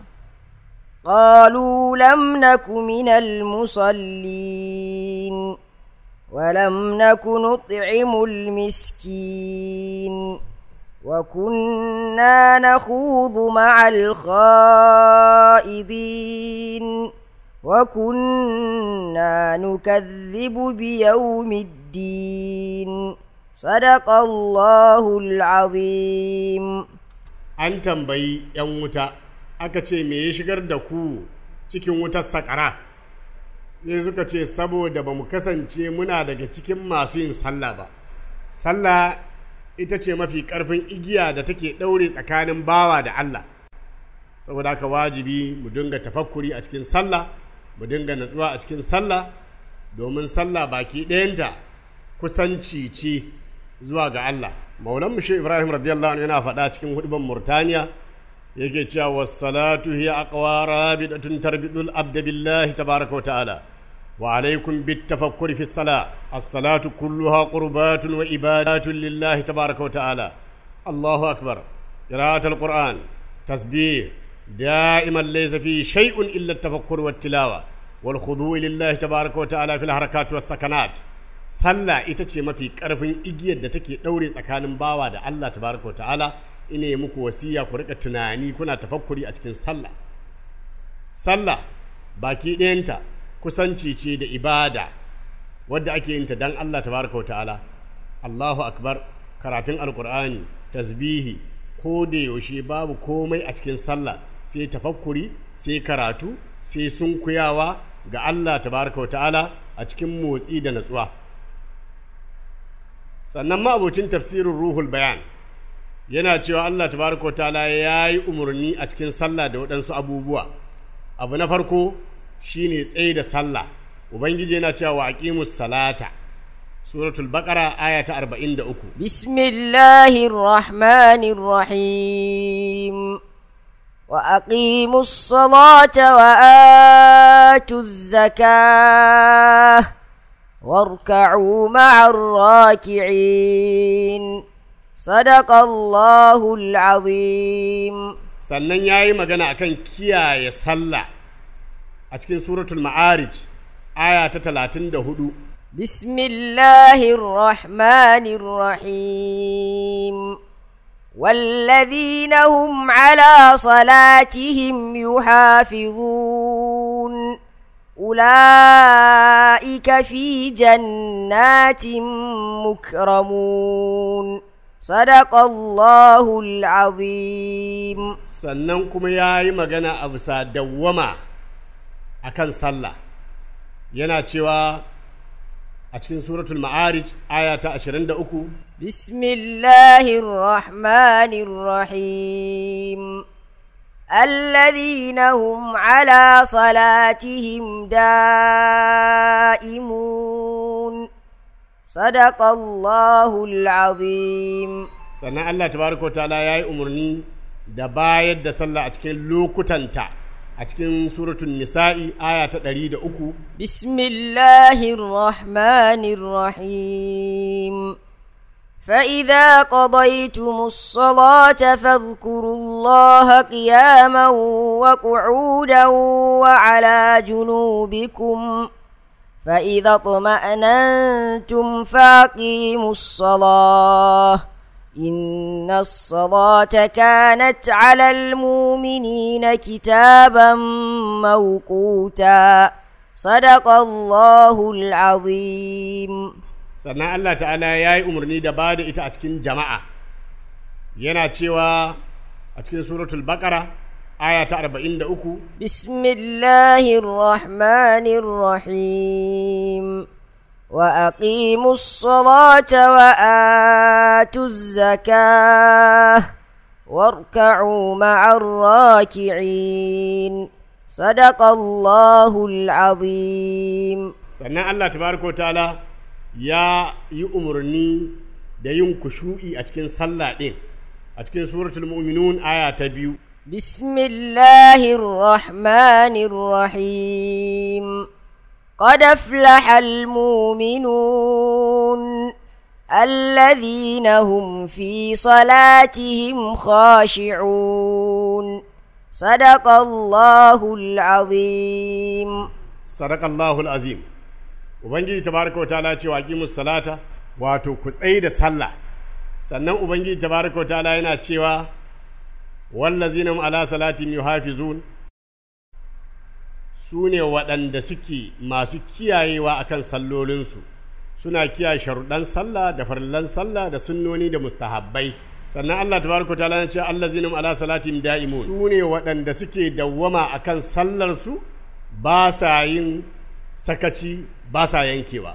قالوا لم نك من المصلين ولم نك نطعم المسكين وكنا نخوض مع الخائضين وكنا نكذب بيوم الدين صدق الله العظيم an tambayi 'yan wuta aka ce me ya shigar da ku cikin wutar sakara sai suka ce saboda ba mu kasance muna daga cikin masu yin sallah ba sallah ita ce mafi ƙarfin igiya da take ɗaure tsakanin bawa da Allah saboda haka wajibi mu dinga tafakkuri a cikin sallah mu dinga natsuwa a cikin sallah domin sallah baki ɗayanta kusanci ce zuwa ga Allah maulan mushe Ibrahim radiyallahu anhu yana faɗa cikin hudban Murtaniya yake cewa wassalatu hiya aqwa rabidatun tarbidul abda billahi tabaraka wa ta'ala wa alaikum bitafakkuri fi sala as-salatu kulluha qurbatun wa ibadatun lillahi tabaraka wa ta'ala Allahu akbar قراءة القرآن تسبيح دائما ليس فيه شيء إلا التفكر والتلاوة والخضوع لله تبارك وتعالى في الحركات والسكنات sallah ita ce mafi ƙarfin igiyar da take ɗaure tsakanin bawa da Allah tabaraka wa ta'ala ina yi muku wasiya ku rika tunani kuna tafakkuri a cikin sallah sallah baki ɗayanta kusanci ce da ibada wadda ake yin ta dan Allah tabaraka wa ta'ala Allahu akbar karatun alkur'ani tasbihi ko da yaushe babu komai a cikin sallah sai tafakkuri sai karatu sai sunkuyawa ga Allah tabaraka wa ta'ala a cikin motsi da natsuwa sannan ma'abocin tafsirin ruhul bayan yana cewa Allah tabaraka ta'ala ya yi umarni a cikin sallah da waɗansu abubuwa abu na farko shine tsaye da sallah ubangiji yana cewa wa aqimus salata suratul baqara aya ta 43 bismillahir rahmanir rahim وأقيموا الصلاة وآتوا الزكاة واركعوا مع الراكعين صدق الله العظيم sannan ya yi magana a kan kiyaye sallah a cikin suratul ma'arij aya ta talatin da hudu bismillahirrahmanirrahim wallazina hum ala salatihim يحافظون أولئك jannatin جنات مكرمون صدق الله العظيم sannan kuma ya yi magana a bisa dawwama a kan sallah yana cewa a cikin suratul ma'arij aya ta 23 bismillahir rahmanir rahim الذين هم على صلاتهم دائمون صدق الله العظيم sannan Allah tabaraka ta'ala ya yi umarni da bayar da sallah a cikin lokutanta a cikin suratun nisa'i aya ta ɗari da uku. bismillahirrahmanirrahim فإذا قضيتم الصلاة فاذكروا الله قياما وقعودا وعلى جنوبكم فإذا اطمأننتم فاقيموا الصلاة إن الصلاة كانت على المؤمنين كتابا موقوتا صدق الله العظيم sannan Allah ta'ala ya yi umarni da ba da ita a cikin jama'a yana cewa a cikin suratul baqara aya ta 43 bismillahirrahmanirrahim وأقيموا الصلاة وآتوا الزكاة واركعوا مع الراكعين صدق الله العظيم سنة الله تبارك وتعالى ya yi umarni da yin kushu'i a cikin sallah ɗin a cikin suratul mu'minun aya ta biyu bismillahir rahmanir rahim qad aflahal mu'minun الذين هم في صلاتهم خاشعون صدق الله العظيم صدق ubangiji tabaraka wa ta'ala cewa qimus salata wato ku tsaye da sallah sannan ubangiji tabaraka wa ta'ala yana cewa wallazina ala salati yuhafizun su ne waɗanda suke masu kiyayewa akan sallolinsu suna kiyaye sharuɗan sallah da farillan sallah da sunnoni da mustahabbai sannan Allah tabaraka ta'ala yana ce allazina ala salati daimun su ne waɗanda suke dawwama akan sallar su ba sa yin sakaci ba sa yankewa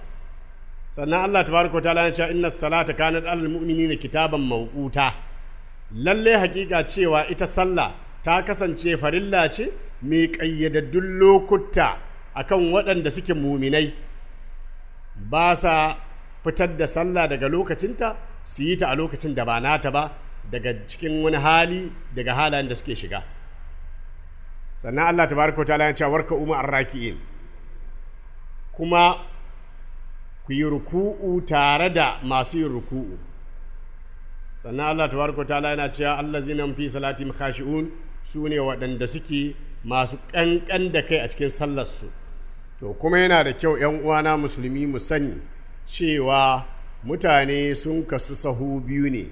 sannan Allah ta tabaraka ta ya ce inna salata kanat alal mu'minina kitaban mawquta lalle hakika cewa ita sallah ta kasance farilla ce mai kayyadaddun lokuta akan waɗanda suke muminai ba sa fitar da sallah daga lokacinta su yi ta a lokacin da ba nata ba daga cikin wani hali daga halayen da suke shiga sannan Allah ta tabaraka ta'ala ya ce warka umu arraki'in kuma ku yi ruku'u tare da masu yin ruku'u sannan Allah tabaraka ta'ala yana cewa allazina fi salatim khashi'un su ne waɗanda suke masu ƙanƙan da kai a cikin sallarsu to kuma yana da kyau ‘yan uwana musulmi mu sani cewa mutane sun kasu sahu biyu ne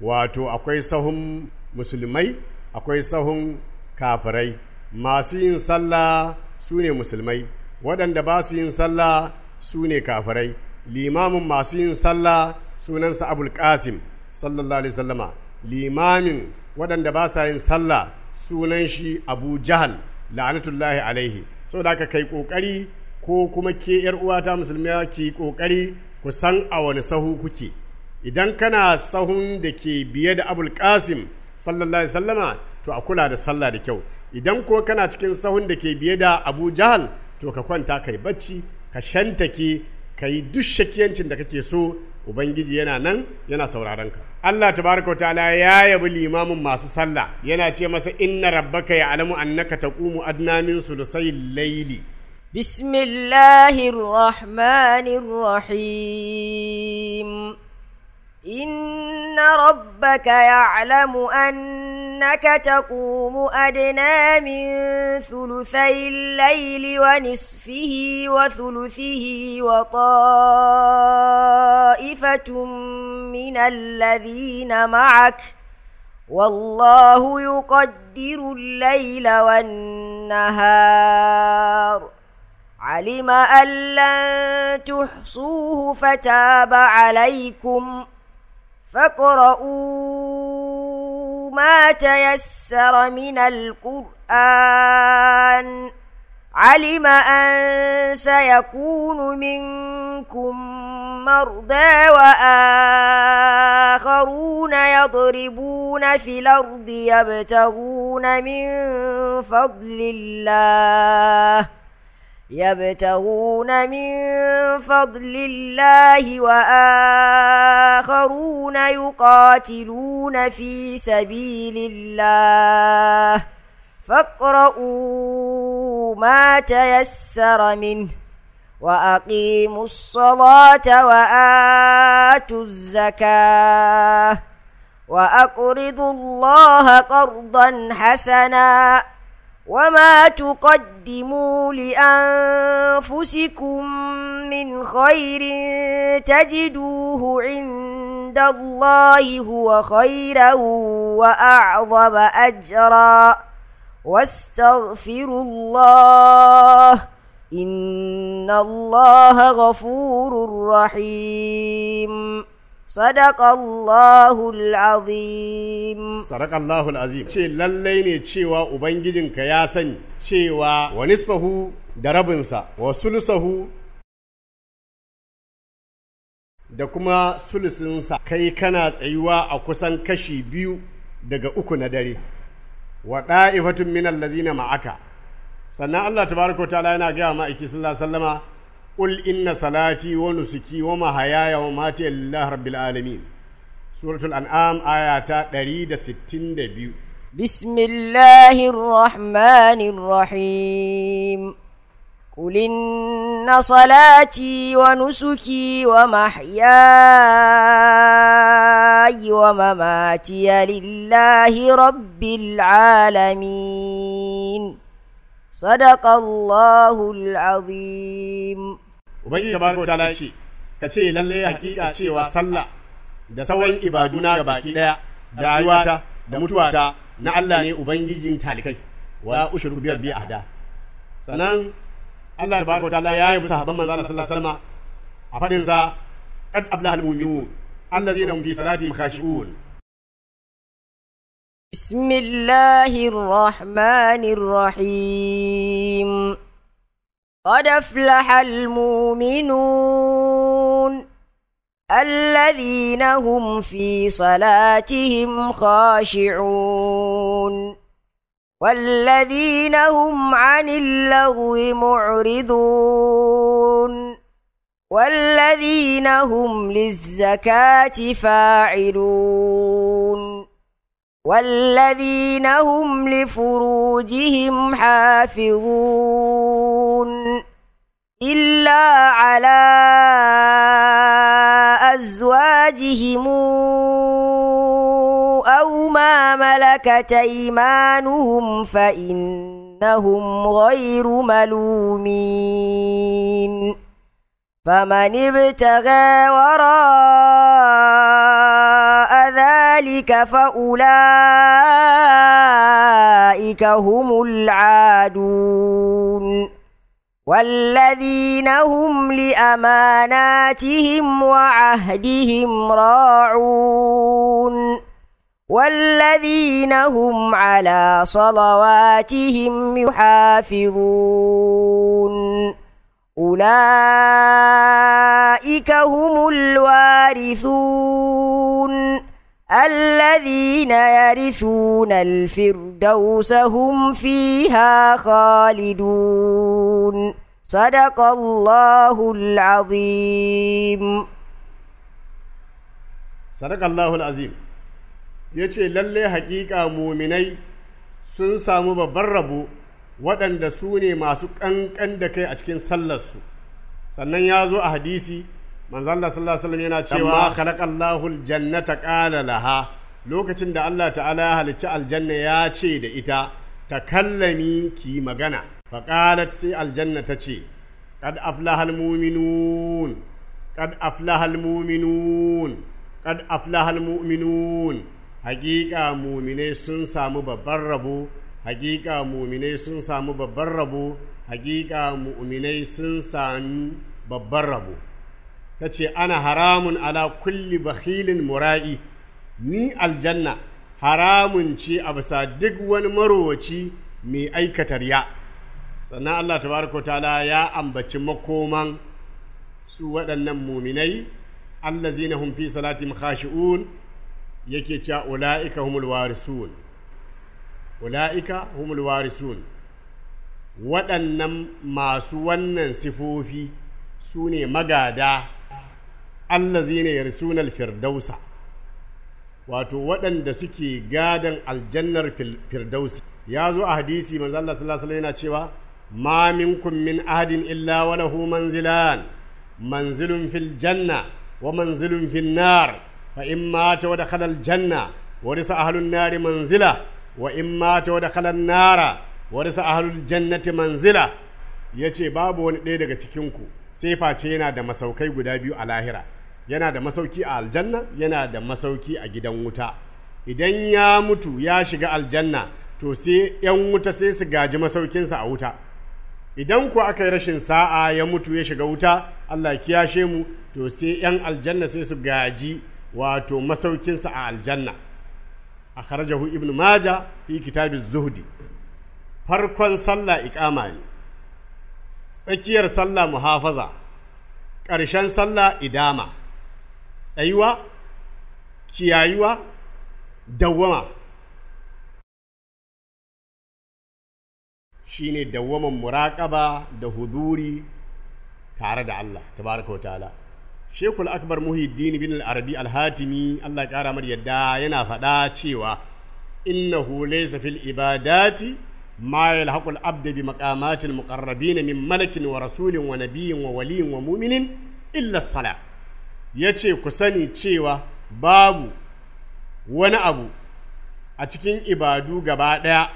wato akwai sahun musulmai akwai sahun kafirai masu yin sallah su ne musulmai waɗanda ba su yin sallah su ne kafirai limamin masu yin sallah sunansa abul sallallahu alaihi sallama limamin waɗanda ba sa yin sallah sunan shi abu jahal la'anatullahi alaihi da aka kai ƙoƙari ko kuma ke yar uwata musulmiya ki ƙoƙari ku san a wani sahu kuke idan kana sahun da ke biye da abul sallallahu alaihi sallama to a kula da sallah da kyau idan ko kana cikin sahun da ke biye da abu jahal to ka kwanta ka yi bacci ka shantake ka yi duk shakiyancin da kake so ubangiji yana nan yana sauraron ka Allah tabaraka wa ta'ala ya yabi limamin masu sallah yana ce masa inna rabbaka ya'lamu annaka taqumu adna min sulusai layli bismillahir rahmanir rahim inna rabbaka ya'lamu anna أنك تقوم أدنى من ثلثي الليل ونصفه وثلثه وطائفة من الذين معك والله يقدر الليل والنهار علم أن لن تحصوه فتاب عليكم فاقرؤوا ما تيسر من القرآن علم أن سيكون منكم مرضى وآخرون يضربون في الأرض يبتغون من فضل الله يبتغون من فضل الله واخرون يقاتلون في سبيل الله فاقرؤوا ما تيسر منه واقيموا الصلاه واتوا الزكاه واقرضوا الله قرضا حسنا وما تقدموا لأنفسكم من خير تجدوه عند الله هو خيرا وأعظم أجرا واستغفروا الله إن الله غفور رحيم Sadakallahul azim. Sadakallahul azim. Ce lallai ne cewa Ubangijinka ya sani cewa wa nisfahu da rabinsa, wa sulusahu da kuma sulusinsa kai kana tsayuwa a kusan kashi biyu daga uku na dare. Wa ɗa'ifatun minal lazina ma'aka. Sannan Allah tabaraka wa ta'ala yana gaya ma'aiki sallallahu قل إن صلاتي ونسكي ومحياي وماتي لله رب العالمين سورة الأنعام آيات دبيو بسم الله الرحمن الرحيم قل إن صلاتي ونسكي ومحياي ومماتي لله رب العالمين صدق الله العظيم ubangiji tabaraka ka ce lalle hakika cewa sallah da sauran ibaduna ga baki daya da rayuwata da mutuwata na Allah ne ubangijin talikai wa ushru bi biya ahda sannan Allah ta ta ta'ala ya yi sahabban haɓar manzana alaihi wasallam a faɗin sa qad allah zai allazina hum fi salatihim khashi'un بسم الله الرحمن قد افلح المؤمنون الذين هم في صلاتهم خاشعون والذين هم عن اللغو معرضون والذين هم للزكاة فاعلون والذين هم لفروجهم حافظون إلا على أزواجهم أو ما ملكت أيمانهم فإنهم غير ملومين فمن ابتغى وراء ذلك فأولئك هم العادون والذين هم لأماناتهم وعهدهم راعون والذين هم على صلواتهم يحافظون أولئك هم الوارثون الذين يرثون الفردوس هم فيها خالدون صدق الله العظيم صدق الله العظيم yace lallai hakika muminai sun samu babban rabo waɗanda su ne masu ƙanƙan da kai a cikin sallarsu sannan ya zo a hadisi manzo Allah sallallahu alaihi yana cewa amma khalaqallahu aljannata qala laha lokacin da Allah ta'ala ya halicci aljanna ya ce da ita takallami ki magana fa qalat sai aljanna ta ce qad aflaha mu'minun qad aflaha mu'minun qad aflaha mu'minun haqiqa mu'minai sun samu babban rabo haqiqa mu'minai sun samu babban rabo haqiqa mu'minai sun sami babban rabo ta ce ana haramun ala kulli bakhilin mura'i ni aljanna haramun ce a bisa duk wani marowaci mai aikata ya sannan Allah tabaraka ta'ala ya ambaci makoman su waɗannan muminai allazina hum fi salatihim khashi'un yake cewa ula'ika humul warisun ula'ika humul warisun waɗannan masu wannan sifofi su ne magada allazina yarsuna alfirdausa wato waɗanda suke gadan aljannar firdausi ya zo a hadisi manzo Allah sallallahu alaihi yana cewa ma minkum min ahadin illa wa lahu manzilan manzilun fil janna wa manzilun fil nar fa in mata wa janna wa risa ahlun nar manzila wa in mata wa dakhala an nara wa risa ahlul jannati manzila yace babu wani ɗaya daga cikin ku sai face yana da masaukai guda biyu a lahira yana da masauki a aljanna yana da masauki a gidan wuta idan ya mutu ya shiga aljanna to sai 'yan wuta sai su gaji masaukinsa a wuta idan kuwa aka yi rashin sa'a ya mutu ya shiga wuta allah kiyashe mu to sai 'yan aljanna sai su gaji wato masaukinsa a aljanna a kharajahu ibn maja fi kitabiz zuhdi farkon sallah iqama ne tsakiyar sallah muhafaza ƙarshen sallah idama tsayuwa kiyayuwa dawwama shine dawwaman muraƙaba da huduri tare da Allah tabaraka wa ta'ala Shekul Akbar Muhiddin bin Al-Arabi Al-Hatimi Allah ya kara mar yadda yana faɗa cewa innahu laysa fil ibadati ma yalhaqu al-abd bi maqamatil muqarrabin min malakin wa rasulin wa nabiyyin wa waliyin wa mu'minin illa as-salah ya ce ku sani cewa babu wani abu a cikin ibadu gaba ɗaya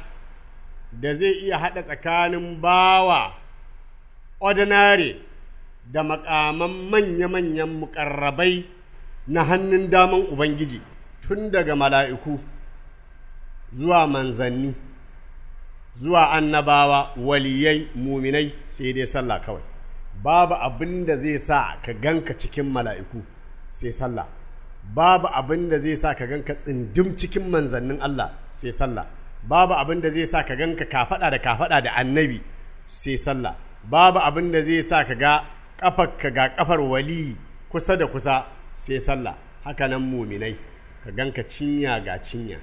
da zai iya haɗa tsakanin bawa ordinary da makaman manya-manyan mukarrabai na hannun daman Ubangiji tun daga mala'iku zuwa manzanni zuwa annabawa waliyai muminai sai dai sallah kawai babu abin da zai sa ka ganka cikin mala'iku sai sallah babu abin da zai sa ka ganka tsindim cikin manzannin Allah sai sallah babu abin da zai sa ka ganka kafaɗa da kafaɗa da annabi sai sallah babu abin da zai sa ka ga kafar ka ga kafar wali kusa da kusa sai sallah hakanan muminai ka ganka cinya ga cinya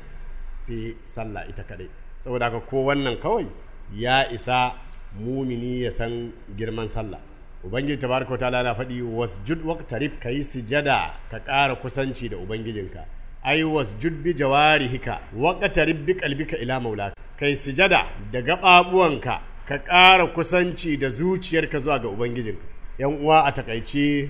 sai sallah ita kadai saboda ko wannan kawai ya isa mumini ya san girman sallah ubangiji ta tabaraka ta'ala na faɗi wasu waqtarib kayi sujada ka ƙara kusanci da ubangijinka ai jud bi jawarihika waqtarib bi qalbika ila Ka kai sujada da gababuwanka ka ƙara kusanci da zuciyarka zuwa ga ubangijinka yan uwa a takaice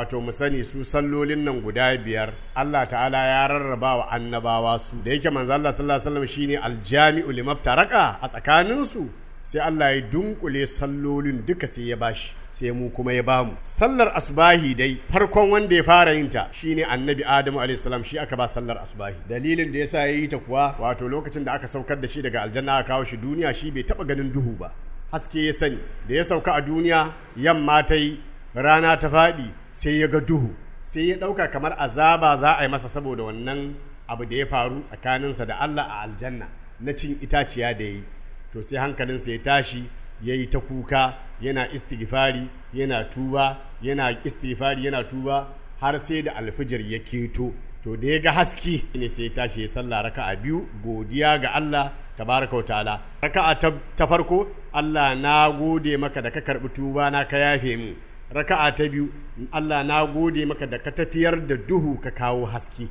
wato mu sani su sallolin nan guda biyar Allah ta'ala ya rarraba wa annabawa su da yake manzo Allah sallallahu alaihi wasallam shine aljami'u limaftaraka a tsakanin su sai Allah ya dunkule sallolin duka sai ya bashi sai mu kuma ya bamu sallar asbahi dai farkon wanda ya fara yin ta shine annabi adamu alaihi salam shi aka ba sallar asbahi dalilin da yasa yayi ta kuwa wato lokacin da aka saukar da shi daga aljanna aka kawo shi duniya shi bai taba ganin duhu ba haske ya sani da ya sauka a duniya yamma ta yi rana ta faɗi sai ya ga duhu sai ya ɗauka kamar azaba za a yi masa saboda wannan abu da ya faru tsakaninsa da Allah a aljanna na cin itaciya da ya yi to sai hankalinsa ya tashi ya yi ta kuka yana istighfari yana tuba yana istighfari yana tuba har sai da alfijir ya keto to da ya ga haske ne sai tashi ya sallah raka'a biyu godiya ga Allah tabaraka wa ta'ala raka'a ta farko Allah na gode maka da ka karɓi tuba na ka yafe mu raka'a ta biyu Allah na gode maka da ka tafiyar da duhu ka kawo haske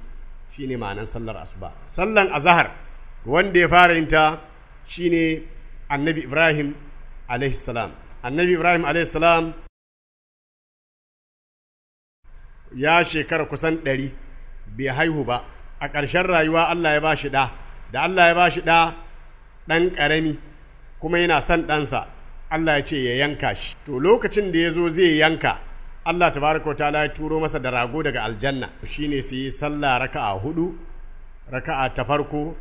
shine ma'anan sallar asuba sallan azahar wanda ya fara yin ta shine annabi Ibrahim alaihi annabi Ibrahim alaihi ya shekara kusan ɗari bai haihu ba a ƙarshen rayuwa Allah ya ba shi ɗa da Allah ya ba shi ɗa ɗan ƙarami kuma yana son ɗansa Allah ya ce ya yanka shi to lokacin da ya zo zai yanka Allah tabaraka wa ta'ala ya turo masa da rago daga aljanna shine su yi sallah raka'a hudu raka'a ta farko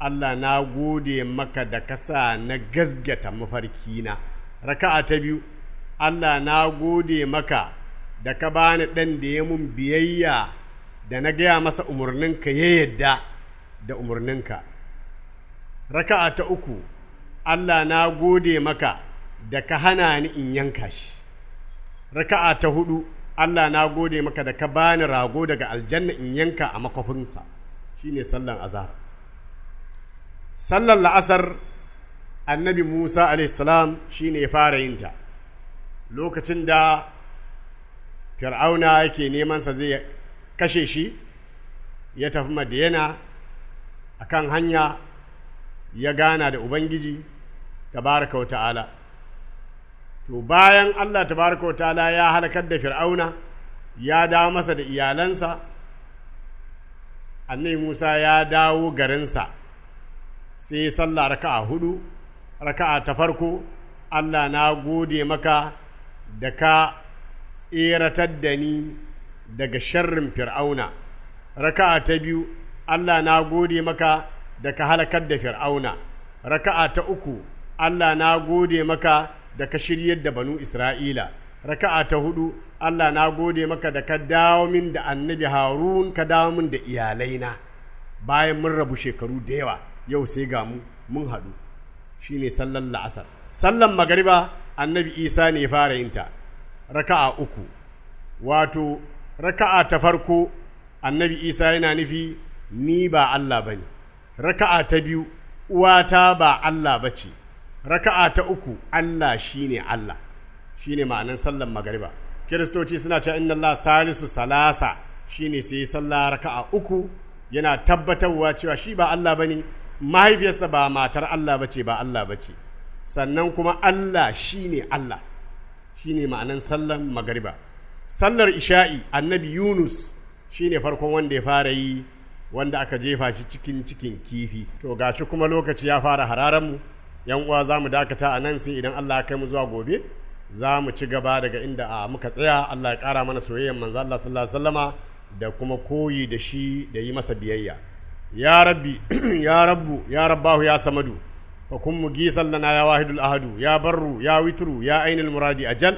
Allah na gode maka da kasa na gasgata mafarkina raka'a ta biyu Allah na gode maka da ka bani ɗan da ya mun biyayya da na gaya masa umarninka ya yadda da umarninka raka'a ta uku Allah na gode maka da ka hana ni in yanka shi raka'a ta hudu Allah na gode maka da ka bani rago daga aljanna in yanka a makwafinsa shine sallan azhar sallan la'asar annabi Musa salam shine ya fara yinta lokacin da fir'auna yake sa zai kashe shi ya tafi madiyana akan hanya ya gana da ubangiji tabaraka wa ta'ala to bayan Allah tabaraka ta'ala ya halakar da fir'auna ya dawo masa da iyalansa annai Musa ya dawo garinsa sai sallah raka'a hudu raka'a ta farko Allah na gode maka da ka tseratar da ni daga sharrin fir'auna raka'a ta biyu Allah na gode maka da ka halakar da fir'auna raka'a ta uku Allah na gode maka da ka shiryar da banu Isra'ila. Raka'a ta hudu, Allah na gode maka da ka dawo min da annabi Harun ka dawo min da iyalaina bayan mun rabu shekaru da yawa yau sai ga mu mun haɗu shi ne sallan la'asar. Sallan magariba annabi Isa ne fara yin ta raka'a uku, wato raka'a ta farko annabi Isa yana nufi ni ba Allah ba ne, raka'a ta biyu uwata ba Allah ba ce. raka'a ta uku Allah shine Allah shine ma'anan sallan magariba kiristoci suna cewa inna Allah salisu salasa shine sai sallah raka'a uku yana tabbatarwa cewa shi ba Allah bane mahaifiyarsa ba matar Allah bace ba Allah bace sannan kuma Allah shine Allah shine ma'anan sallan magariba sallar isha'i annabi Yunus shine farkon wanda ya fara yi wanda aka jefa shi cikin cikin kifi to gashi kuma lokaci ya fara hararan mu yan uwa za mu dakata a nan sai idan Allah ya kai mu zuwa gobe za mu ci gaba daga inda a muka tsaya Allah ya kara mana soyayyar manzo Allah sallallahu alaihi wasallama da kuma koyi da shi da yi masa biyayya ya rabbi ya rabbu ya rabbahu ya samadu fa kun mu gi sallana ya wahidul ahadu ya barru ya witru ya ainul muradi ajal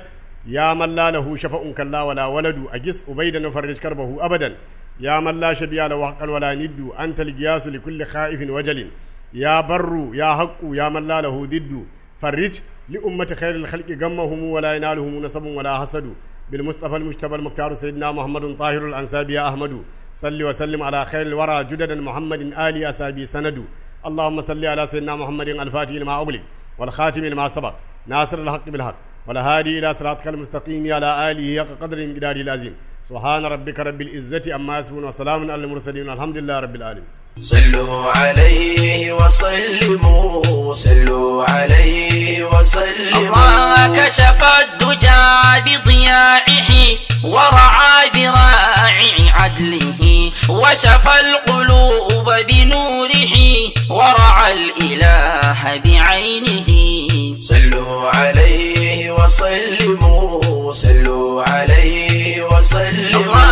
ya man la lahu shafa'un kalla wala waladu agis ubayda nufarrij karbahu abadan ya man la shabiya la waqal wala niddu antal giyasu likulli khaifin wajalin ya barru ya haqqu ya mallala la lahu farrij li ummati khairil khalqi gammahum wa la yanaluhum nasabun wa la hasadu bil mustafa al mujtaba al muqtar sayyidina muhammadun tahirul ansabi ya ahmadu salli wa sallim ala khairil wara judadan muhammadin ali asabi sanadu اللهم صل على سيدنا محمد الفاتح لما أبلغ والخاتم لما سبق ناصر الحق بالحق والهادي إلى صراطك المستقيم على آله حق قدر مقداره العظيم سبحان ربك رب العزة أما يصفون وسلام على المرسلين والحمد لله رب العالمين صلوا عليه وسلموا صلوا عليه وسلموا الله كشف الدجى بضياعه ورعى براعي عدله وشفى القلوب بنوره ورعى الإله بعينه صلوا عليه وسلموا صلوا عليه وسلموا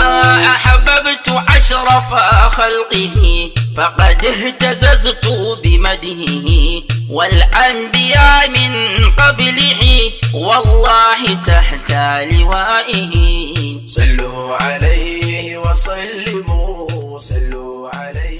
أحببت أشرف خلقه فقد اهتززت بمدهه والأنبياء من قبله والله تحت لوائه صلوا عليه وسلموا صلوا عليه